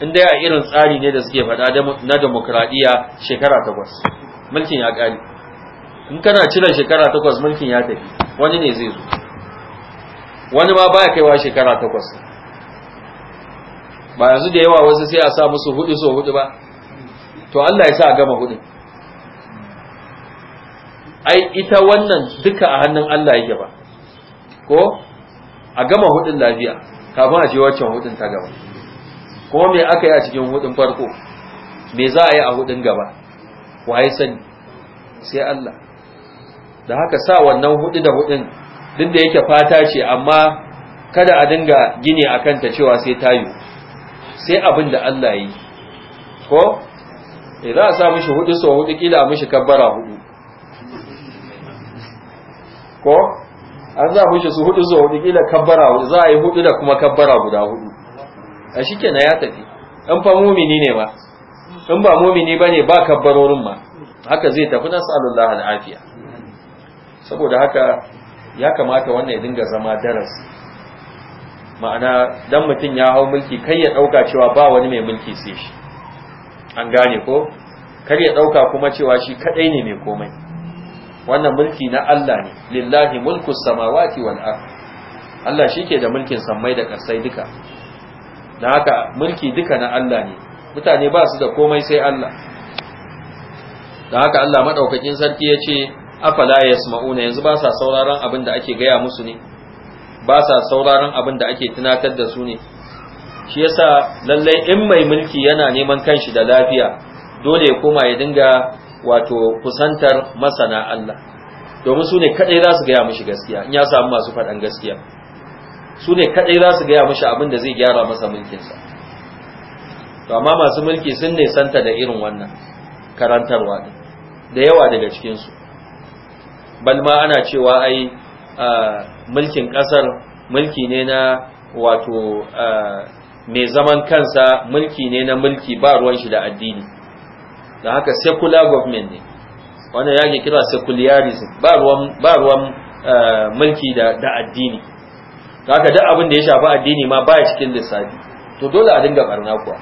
in dai a irin tsari ne da suke faɗa na demokradiya shekara takwas mulkin ya ƙare in kana cire shekara takwas mulkin ya tafi wani ne zai zo wani ma baya kaiwa shekara takwas ba yanzu da yawa wasu sai a sa musu hudu so hudu ba to Allah ya sa a gama hudu ai ita wannan duka a hannun Allah yake ba ko a gama hudun lafiya kafin a ce waccan hudun ta gaba kuma me aka yi a cikin hudun farko me za a yi a hudun gaba waye sani sai Allah da haka sa wannan hudu da hudun duk da yake fata ce amma kada a dinga gini a kanta cewa sai tayu sai abin da Allah yi ko eh, za a sa mishi hudu sau hudu kila a mishi kabbara hudu ko an za a mishi su hudu sau hudu kila kabbara hudu za a yi hudu da kuma kabbara guda hudu a shi kenan ya tafi in fa mumini ne ba in ba mumini ba ne ba kabbarorin ma haka zai tafi nasu alullah al'afiya saboda haka ya kamata wannan ya dinga zama darasi ma'ana dan mutum ya hau mulki kai ya dauka cewa ba wani mai mulki sai shi an gane ko kar ya dauka kuma cewa shi kadai ne mai komai wannan mulki na Allah ne lillahi mulku samawati wal ard Allah shike da mulkin sammai da kasai duka dan haka mulki duka na Allah ne mutane ba su da komai sai Allah dan haka Allah madaukakin sarki yace afala yasma'una yanzu ba sa sauraron abin da ake gaya musu ne ba sa sauraron abin da ake tunatar da su ne shi yasa lallai in mai mulki yana neman kanshi da lafiya dole ya koma ya dinga wato kusantar masana Allah domin su ne kadai za su gaya mishi gaskiya in ya samu masu faɗan gaskiya su ne kadai za su gaya mishi abin da zai gyara masa mulkinsa to amma masu mulki sun ne santa da irin wannan karantarwa da yawa daga cikinsu ma ana cewa ai mulkin ƙasar mulki ne na wato mai zaman kansa mulki ne na mulki ba ruwan shi da addini da haka secular government ne wannan yake kira secularism ba ruwan ba ruwan mulki da da addini da haka duk abin da ya shafi addini ma baya cikin lissafi to dole a dinga barna kuwa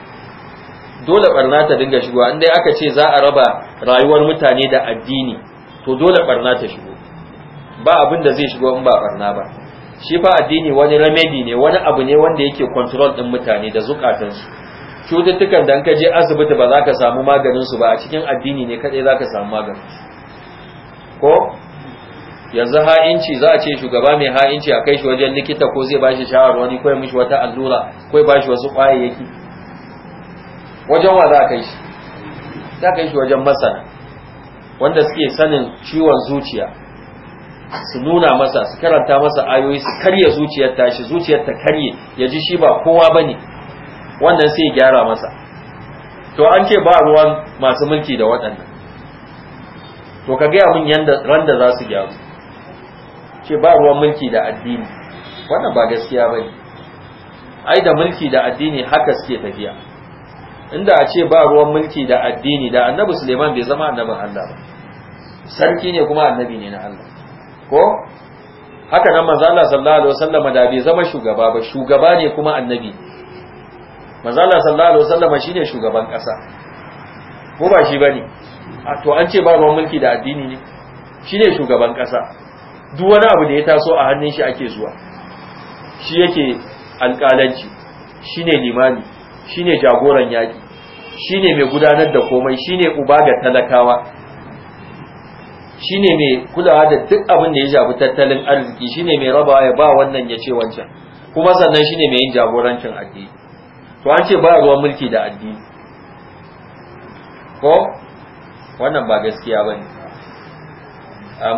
dole barna ta dinga shigowa dai aka ce za a raba rayuwar mutane da addini to dole barna ta shigo ba abin da zai shigo in ba barna ba shi fa addini wani remedy ne wani abu ne wanda yake control din mutane da zukatansu cututtukan da ka je asibiti ba za ka samu maganin su ba a cikin addini ne kadai za ka samu maganin ko yanzu ha'inci za a ce shugaba mai ha'inci a kai shi wajen likita ko zai bashi shawarwari ko ya mishi wata allura ko ya bashi wasu kwayayyaki wajen wa za a kai shi za a kai shi wajen masana wanda suke sanin ciwon zuciya su nuna masa su karanta masa ayoyi su karya zuciyar tashi zuciyar ta karye ya ji shi ba kowa bane wannan sai ya gyara masa to an ce ba ruwan masu mulki da waɗannan to ka gaya mun yanda ran da za su gyaru ce ba ruwan mulki da addini wannan ba gaskiya bane ai da mulki da addini haka suke tafiya inda a ce ba ruwan mulki da addini da annabi Suleiman bai zama annabin Allah ba sarki ne kuma annabi ne na Allah ko haka nan manzo Allah sallallahu alaihi wasallam da bai zama shugaba ba shugaba ne kuma annabi manzo Allah sallallahu alaihi wasallam shine shugaban kasa ko ba shi bane to an ce ba ruwan mulki da addini ne shine shugaban kasa duk wani abu da ya taso a hannun shi ake zuwa shi yake alƙalanci shine limami shine jagoran yaki shine mai gudanar da komai shine uba ga talakawa shine mai kulawa da duk abin da ya shafi tattalin arziki shine mai raba ya ba wannan ya ce wancan kuma sannan shine mai yin jagorancin addini to an ce ba ruwan mulki da addini ko wannan ba gaskiya ba ne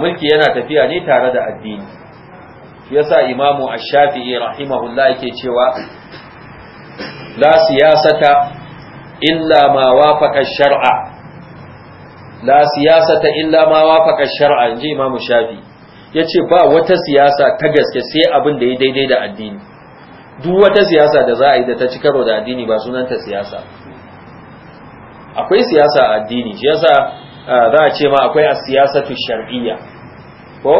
mulki yana tafiya ne tare da addini Ya sa imamu a shafii rahimahullah yake cewa la siyasata illa ma wafaka shara la ta illa ma wafaqa shar'a inji imamu shafi yace ba wata siyasa ta gaske sai abin da ya daidai da addini duk wata siyasa da za a yi da ta ci karo da addini ba sunanta siyasa akwai siyasa a addini shi yasa za a ce ma akwai a siyasatu shar'iyya ko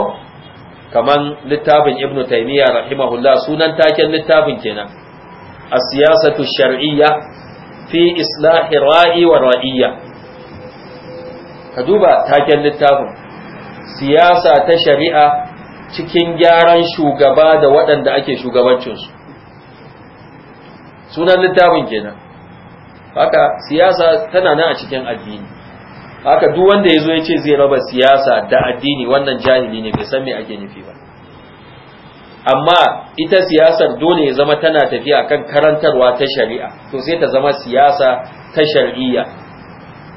kaman littafin ibnu taymiya rahimahullah sunan taken littafin kenan a siyasatu shar'iyya fi islahi ra'i wa ra'iyya ka duba taken littafin siyasa ta shari'a cikin gyaran shugaba da waɗanda ake shugabancinsu sunan littafin kenan haka siyasa tana nan a cikin addini haka duk wanda ya zo ya ce zai raba siyasa da addini wannan jahili ne bai san me ake nufi ba amma ita siyasar dole ya zama tana tafiya kan karantarwa ta shari'a to sai ta zama siyasa ta shari'a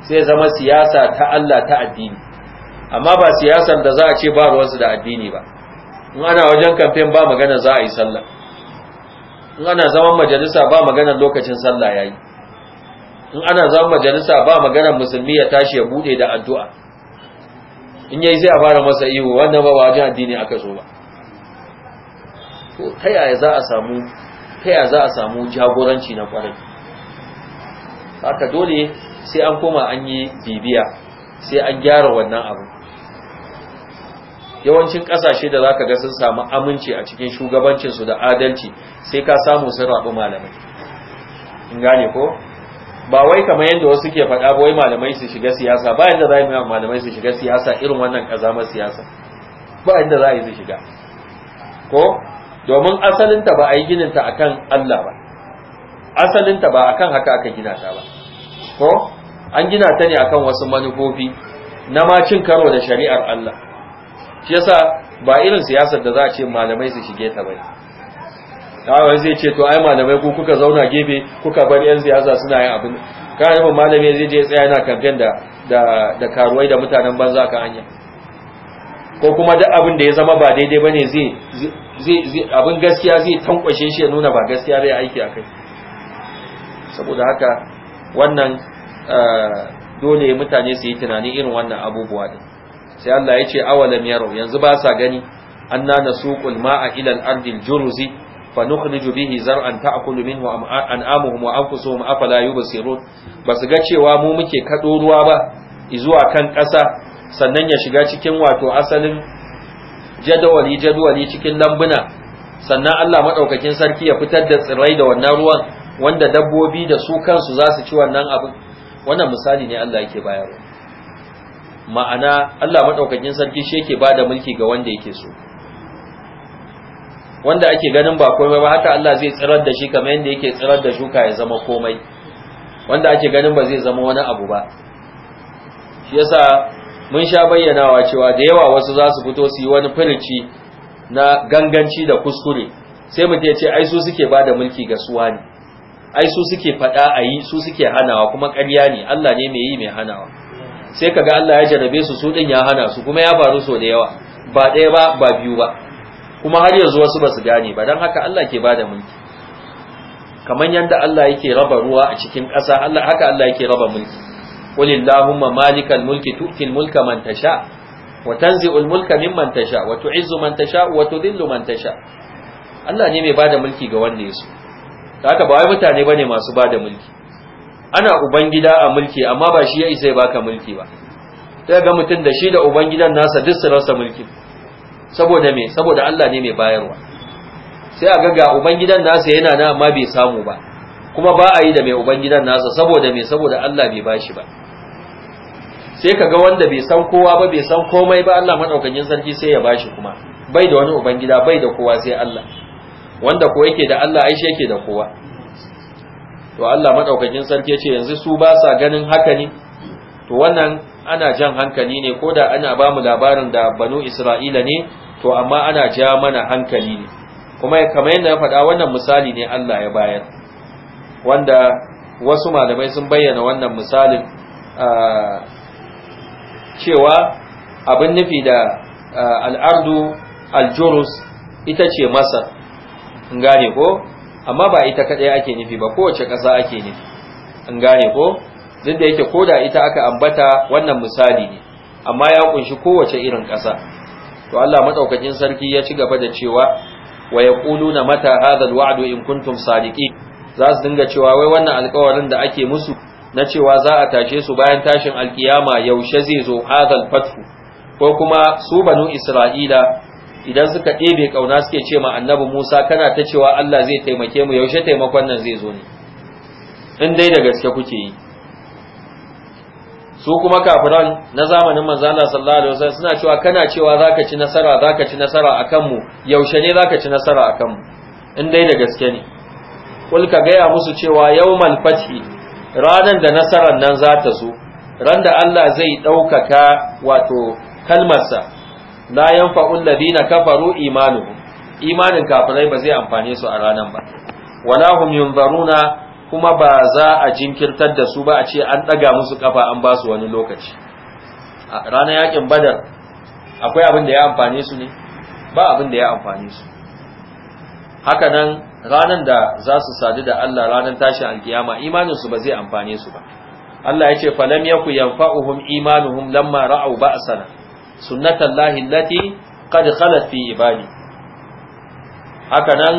sai zama siyasa ta Allah ta addini amma ba siyasan da za a ce ba ruwansu da addini ba in ana wajen kamfen ba magana za a yi sallah in ana zaman majalisa ba magana lokacin sallah yayi in ana zaman majalisa ba magana musulmi ya tashi ya bude da addu'a in yayi sai a fara masa ihu wannan ba wajen addini aka zo ba to ta yaya za a samu ta yaya za a samu jagoranci na kwarai haka dole sai an koma an yi bibiya sai an gyara wannan abu yawancin kasashe da zaka ga sun samu aminci a cikin shugabancin su da adalci sai ka samu sun rabu malamai in gane ko ba wai kamar yadda wasu ke faɗa ba wai malamai su shiga siyasa ba yadda za mu malamai su shiga siyasa irin wannan kazamar siyasa ba yadda za a yi su shiga ko domin asalinta ba a yi gininta akan Allah ba asalinta ba akan haka aka gina ta ba ko an gina ta ne akan wasu manufofi na ma cin karo da shari'ar Allah shi yasa ba irin siyasar da za a ce malamai su shige ta bai kawai zai ce to ai malamai ku kuka zauna gefe kuka bar yan siyasa suna yin abin kana nufin malamai zai je tsaya yana kamfen da da karuwai da mutanen banza kan hanya ko kuma duk abin da ya zama ba daidai bane zai zai abin gaskiya zai tankwashe shi ya nuna ba gaskiya bai aiki akai saboda haka wannan Eh, dole mutane su yi tunani irin wannan abubuwa din sai Allah ya ce awalam yaro yanzu ba sa gani anna nasuqul ma'a ila al-ardil juruzi fa nukhriju bihi zar'an ta'kulu minhu an'amuhum wa anfusuhum afala yubsirun basu ga cewa mu muke kado ruwa ba zuwa kan kasa sannan ya shiga cikin wato asalin jadawali jadawali cikin lambuna sannan Allah madaukakin sarki ya fitar da tsirai da wannan ruwan wanda dabbobi da su kansu za su ci wannan abin wannan misali ne Allah yake bayarwa ma'ana Allah maɗaukakin sarki shi yake bada mulki ga wanda yake so wanda ake ganin ba komai ba haka Allah zai tsirar da shi kamar yadda yake tsirar da shuka ya zama komai wanda ake ganin ba zai zama wani abu ba shi yasa mun sha bayyanawa cewa da yawa wasu za su fito su yi wani firici na ganganci da kuskure sai mutum ya ce ai su suke bada mulki ga suwa ne ai su suke faɗa a yi su suke hanawa kuma ƙarya ne Allah ne mai yi mai hanawa sai kaga Allah ya jarabe su su ɗin ya hana su kuma ya faru so da yawa ba ɗaya ba ba biyu ba kuma har yanzu wasu ba su gane ba don haka Allah ke bada mulki kamar yadda Allah yake raba ruwa a cikin ƙasa Allah haka Allah yake raba mulki qul illahumma malikal mulki tu'til mulka man tasha wa tanzi'ul mulka mimman tasha wa tu'izzu man tasha wa tudhillu man tasha Allah ne mai bada mulki ga wanda ya so haka ba wai mutane bane masu ba da mulki ana ubangida a mulki amma ba shi ya isa ya baka mulki ba sai ga mutum da shi da ubangidan nasa duk su rasa mulki saboda me saboda Allah ne mai bayarwa sai a ga ga ubangidan nasa yana na amma bai samu ba kuma ba a yi da mai ubangidan nasa saboda me saboda Allah bai bashi ba sai ka ga wanda bai san kowa ba bai san komai ba Allah madaukakin sarki sai ya bashi kuma bai da wani ubangida bai da kowa sai Allah wanda ko yake da Allah aishi yake da kowa to Allah madaukakin sarki yace yanzu su ba sa ganin haka ne to wannan ana jan hankali ne ko da ana ba mu labarin da banu Isra'ila ne to amma ana ja mana hankali ne kuma kamar yadda na faɗa wannan misali ne Allah ya bayar wanda wasu malamai sun bayyana wannan misalin ah, cewa abin nufi da ah, al'ardu aljurus ita ce masar in gane ko amma ba ita kadai ake nufi ba kowace ƙasa ake nufi in gane ko duk da yake koda ita aka ambata wannan misali ne amma ya kunshi kowace irin ƙasa to Allah madaukakin sarki ya ci gaba da cewa wa yaquluna mata hadha alwa'du in kuntum sadiqin za su dinga cewa wai wannan alƙawarin da ake musu na cewa za a tashe su bayan tashin alkiyama yaushe zai zo hadha alfatu ko kuma su banu isra'ila idan suka ɗebe ƙauna suke ce ma annabi Musa kana ta cewa Allah zai taimake mu yaushe taimakon nan zai zo ne in dai da gaske kuke yi su kuma kafiran na zamanin manzo Allah sallallahu alaihi wasallam suna cewa kana cewa zaka ci nasara zaka ci nasara akan mu yaushe ne zaka ci nasara akan mu in dai da gaske ne kul ka gaya musu cewa yawmal fathi ranan da nasaran nan za ta zo ran da Allah zai ɗaukaka wato kalmarsa la yanfa'ul ladina kafaru imanuhum imanin kafirai ba zai amfane su a ranan ba wala hum yunzaruna kuma ba za a jinkirtar da su ba a ce an daga musu kafa an ba su wani lokaci a ranar yakin badar akwai abin da ya amfane su ne ba abin da ya amfane su haka nan ranar da za su sadu da Allah ranar tashi alkiyama imanin su ba zai amfane su ba Allah ya ce falam yaku yanfa'uhum imanuhum lamma ra'au ba'sana sunnatallahi allati qad khalat fi ibadi haka nan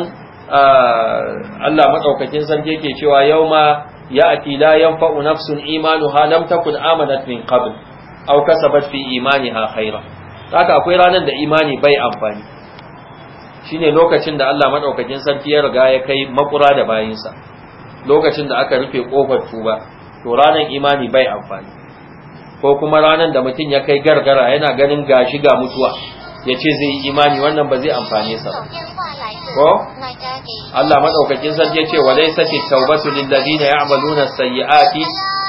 ah, Allah madaukakin sarki yake cewa yauma ati la yanfa'u nafsun ha lam takun amanat min qabl aw kasabat fi imaniha khaira haka akwai ranan da imani bai amfani shine lokacin da Allah maɗaukakin sarki ya riga ya kai makura da bayinsa lokacin da aka rufe kofar tuba to ranan imani bai amfani ko kuma ranar da mutum ya kai gargara yana ganin gashi ga mutuwa ya ce zai yi imani wannan ba zai amfane sa ko Allah madaukakin sarki ya ce wa laysa tawbatu lil ladina ya'maluna sayyi'ati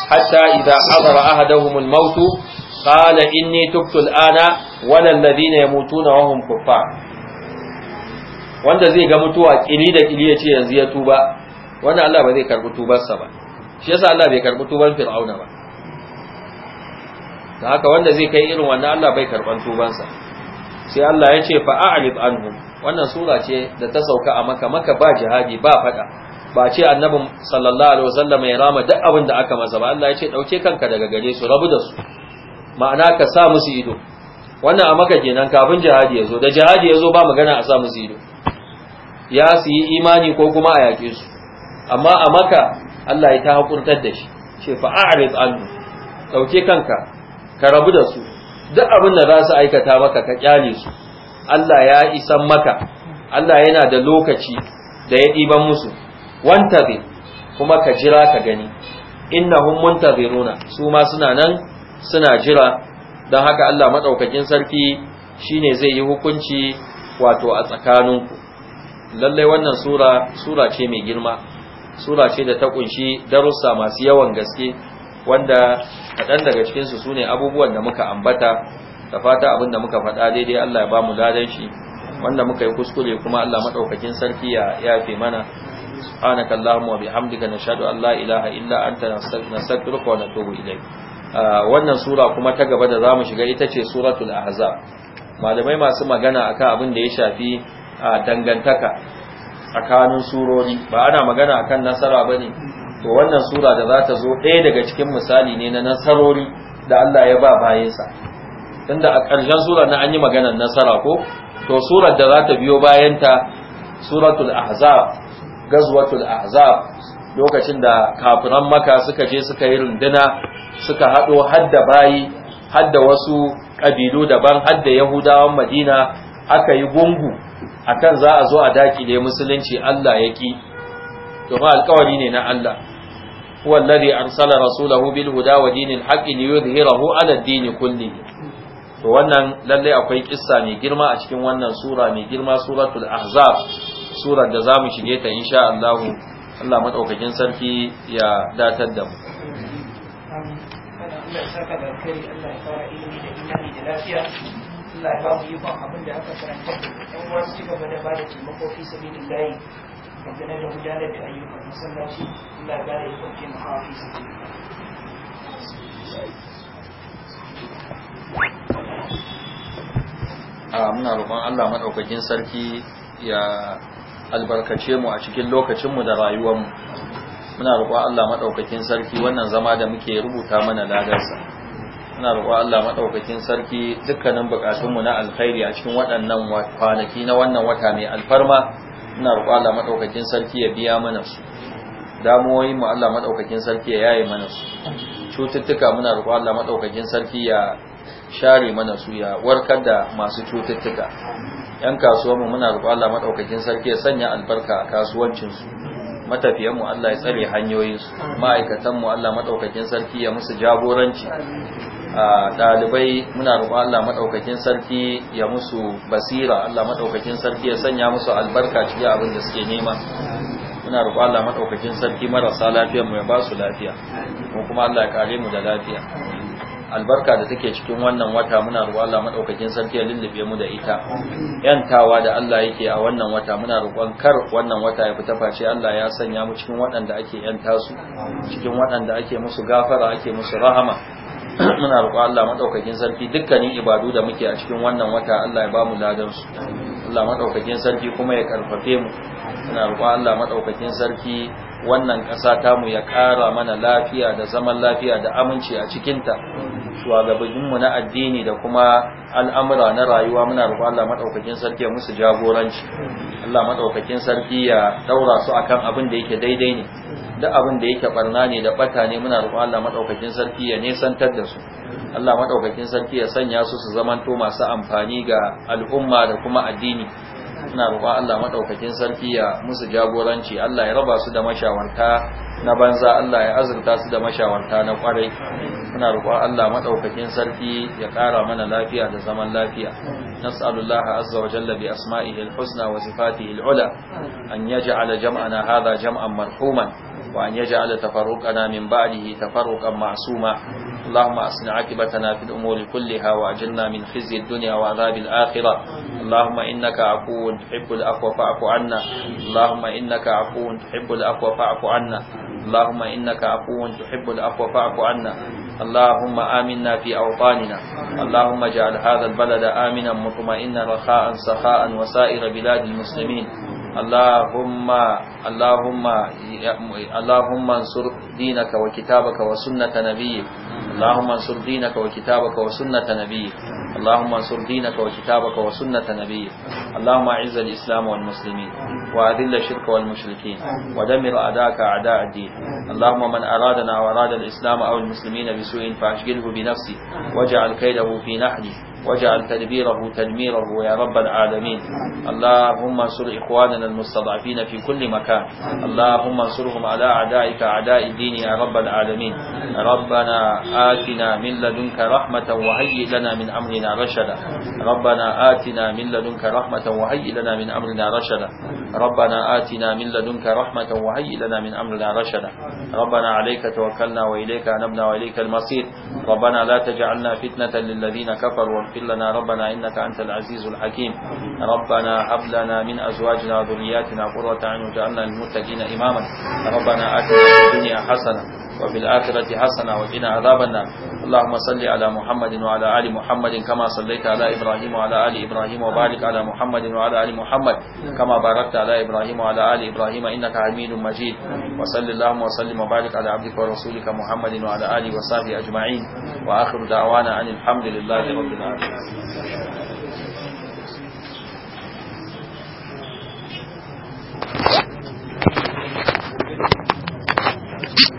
hatta idza hadara ahaduhum al maut qala inni tubtu al ana wa lil ladina yamutuna wa hum kuffar wanda zai ga mutuwa kili da kili ya ce yanzu ya tuba wannan Allah ba zai karbi tubarsa ba shi yasa Allah bai karbi tubar fir'auna ba ta haka wanda zai kai irin wannan Allah bai karban tubansa sai Allah ya ce fa a'rid wannan sura ce da ta sauka a maka maka ba jihadi ba fada ba ce annabi sallallahu alaihi wasallam ya rama duk abin da aka masa ba Allah ya ce dauke kanka daga gare su rabu da su ma'ana ka sa musu ido wannan a maka kenan kafin jihadi ya zo da jihadi ya zo ba magana a sa musu ido ya su yi imani ko kuma a yaƙe su amma a maka Allah ya ta haƙurtar da shi ce fa a'rid anhu dauke kanka ka rabu da su duk abin da za su aikata maka ka kyale su Allah ya isan maka Allah yana da lokaci da ya ɗiban musu wantabe kuma ka jira ka gani innahum muntaziruna su ma suna nan suna jira don haka Allah madaukakin sarki shine zai yi hukunci wato a tsakaninku lallai wannan sura sura ce mai girma sura ce da ta kunshi darussa masu yawan gaske wanda kaɗan daga cikinsu su ne abubuwan da muka ambata da fata abinda muka faɗa daidai Allah ya ba mu ladan shi wanda muka yi kuskure kuma Allah maɗaukakin sarki ya yafe mana subhanaka allahumma wa bihamdika nashhadu an la ilaha illa anta nastaghfiruka wa natubu ilayk wannan sura kuma ta gaba da zamu shiga ita ce suratul ahzab malamai masu magana akan abin da ya shafi dangantaka tsakanin surori ba ana magana akan nasara bane to wannan sura da za ta zo ɗaya daga cikin misali ne na nasarori da Allah ya ba bayansa tunda a ƙarshen sura na an yi maganar nasara ko to surar da za ta biyo bayanta suratul ahzab gazwatul ahzab lokacin da kafiran maka suka je suka yi runduna suka haɗo hadda bayi hadda wasu ƙabilu daban hadda yahudawan madina aka yi gungu akan za a zo a dakile musulunci allah ya ƙi ma alƙawari ne na allah هو الذي أرسل رسوله بالهدى ودين الحق ليظهره على الدين كله to wannan lallai akwai kissa mai girma a cikin wannan sura mai girma suratul ahzab surar da zamu shige ta insha Allah Allah madaukakin sarki ya datar da mu Allah ya saka da kai Allah ya fara ilimi da imani da lafiya Allah ya ba mu yi ba abin da aka karanta ɗan uwa su gaba da ba da taimako fi sabilillahi a muna roƙon Allah maɗaukakin sarki ya albarkace mu a cikin lokacinmu da rayuwarmu muna roƙon Allah maɗaukakin sarki wannan zama da muke rubuta mana ladarsa muna roƙon Allah maɗaukakin sarki dukkanin bukatunmu na alkhairi a cikin waɗannan kwanaki na wannan wata mai alfarma ina roƙo Allah madaukakin sarki ya biya mana su damuwoyin mu Allah madaukakin sarki ya yaye mana su cututtuka muna roƙo Allah madaukakin sarki ya share mana su ya warkar da masu cututtuka yan mu muna roƙo Allah madaukakin sarki ya sanya albarka a kasuwancin su matafiyan mu Allah ya tsare hanyoyin su ma'aikatan mu Allah madaukakin sarki ya musu jagoranci dalibai muna roƙon Allah madaukakin sarki ya musu basira Allah madaukakin sarki ya sanya musu albarka cikin abin da suke nema muna roƙon Allah madaukakin sarki marasa lafiya mu ya ba su lafiya mu kuma Allah ya kare mu da lafiya albarka da take cikin wannan wata muna roƙon Allah madaukakin sarki ya lullube mu da ita yantawa da Allah yake a wannan wata muna roƙon kar wannan wata ya fita face Allah ya sanya mu cikin waɗanda ake yanta su cikin waɗanda ake musu gafara ake musu rahama muna roƙon Allah madaukakin sarki dukkanin ibadu da muke a cikin wannan wata Allah ya ba mu ladan su Allah madaukakin sarki kuma ya karfafe mu muna roƙon Allah madaukakin sarki wannan ƙasa ta mu ya ƙara mana lafiya da zaman lafiya da aminci a cikin ta shugabannin mu na addini da kuma al'amura na rayuwa muna roƙon Allah madaukakin sarki ya musu jagoranci Allah madaukakin sarki ya daura su akan abin da yake daidai ne duk abin da yake barna ne da bata ne muna roƙon Allah madaukakin sarki ya nesantar da su Allah madaukakin sarki ya sanya su su zamanto masu amfani ga al'umma da kuma addini muna roƙon Allah madaukakin sarki ya musu jagoranci Allah ya raba su da mashawarta na banza Allah ya azurta su da mashawarta na kwarai muna roƙon Allah madaukakin sarki ya ƙara mana lafiya da zaman lafiya nas'alullah azza wa jalla bi asma'ihi al-husna wa sifatihi al-ula an yaj'ala jam'ana jam'an marhuman وأن يجعل تفرقنا من بعده تفرقا معصوما اللهم أسن عاقبتنا في الأمور كلها وأجلنا من خزي الدنيا وعذاب الآخرة اللهم إنك عفو تحب الأفو فاعف عنا اللهم إنك عفو تحب الأفو فاعف عنا اللهم إنك عفو تحب العفو فاعف عنا اللهم آمنا في أوطاننا اللهم اجعل هذا البلد آمنا مطمئنا رخاء سخاء وسائر بلاد المسلمين اللهم اللهم اللهم انصر دينك وكتابك وسنة نبيك اللهم انصر دينك وكتابك وسنة نبيك اللهم انصر دينك وكتابك وسنة نبيك اللهم اعز الإسلام والمسلمين وأذل الشرك والمشركين ودمر أداك أعداء الدين اللهم من أرادنا وأراد الإسلام أو المسلمين بسوء فأشغله بنفسه واجعل كيده في نحره واجعل تدبيره تدميره يا رب العالمين اللهم انصر إخواننا المستضعفين في كل مكان اللهم انصرهم على أعدائك أعداء الدين يا رب العالمين ربنا آتنا من لدنك رحمة وهيئ لنا من أمرنا رشدا ربنا آتنا من لدنك رحمة وهيئ لنا من أمرنا رشدا ربنا آتنا من لدنك رحمة وهيئ لنا من أمرنا رشدا ربنا عليك توكلنا وإليك أنبنا وإليك المصير ربنا لا تجعلنا فتنة للذين كفروا فاغفر لنا ربنا إنك أنت العزيز الحكيم ربنا هب لنا من أزواجنا وذرياتنا قرة عين وجعلنا للمتقين إماما ربنا آتنا في الدنيا حسنة وفي الآخرة حسنة وقنا عذاب النار اللهم صل على محمد وعلى آل محمد كما صليت على إبراهيم وعلى آل إبراهيم وبارك على محمد وعلى آل محمد كما باركت على إبراهيم وعلى آل إبراهيم إنك حميد مجيد وصل اللهم وسلم وبارك على عبدك ورسولك محمد وعلى آله وصحبه أجمعين وآخر دعوانا أن الحمد لله رب العالمين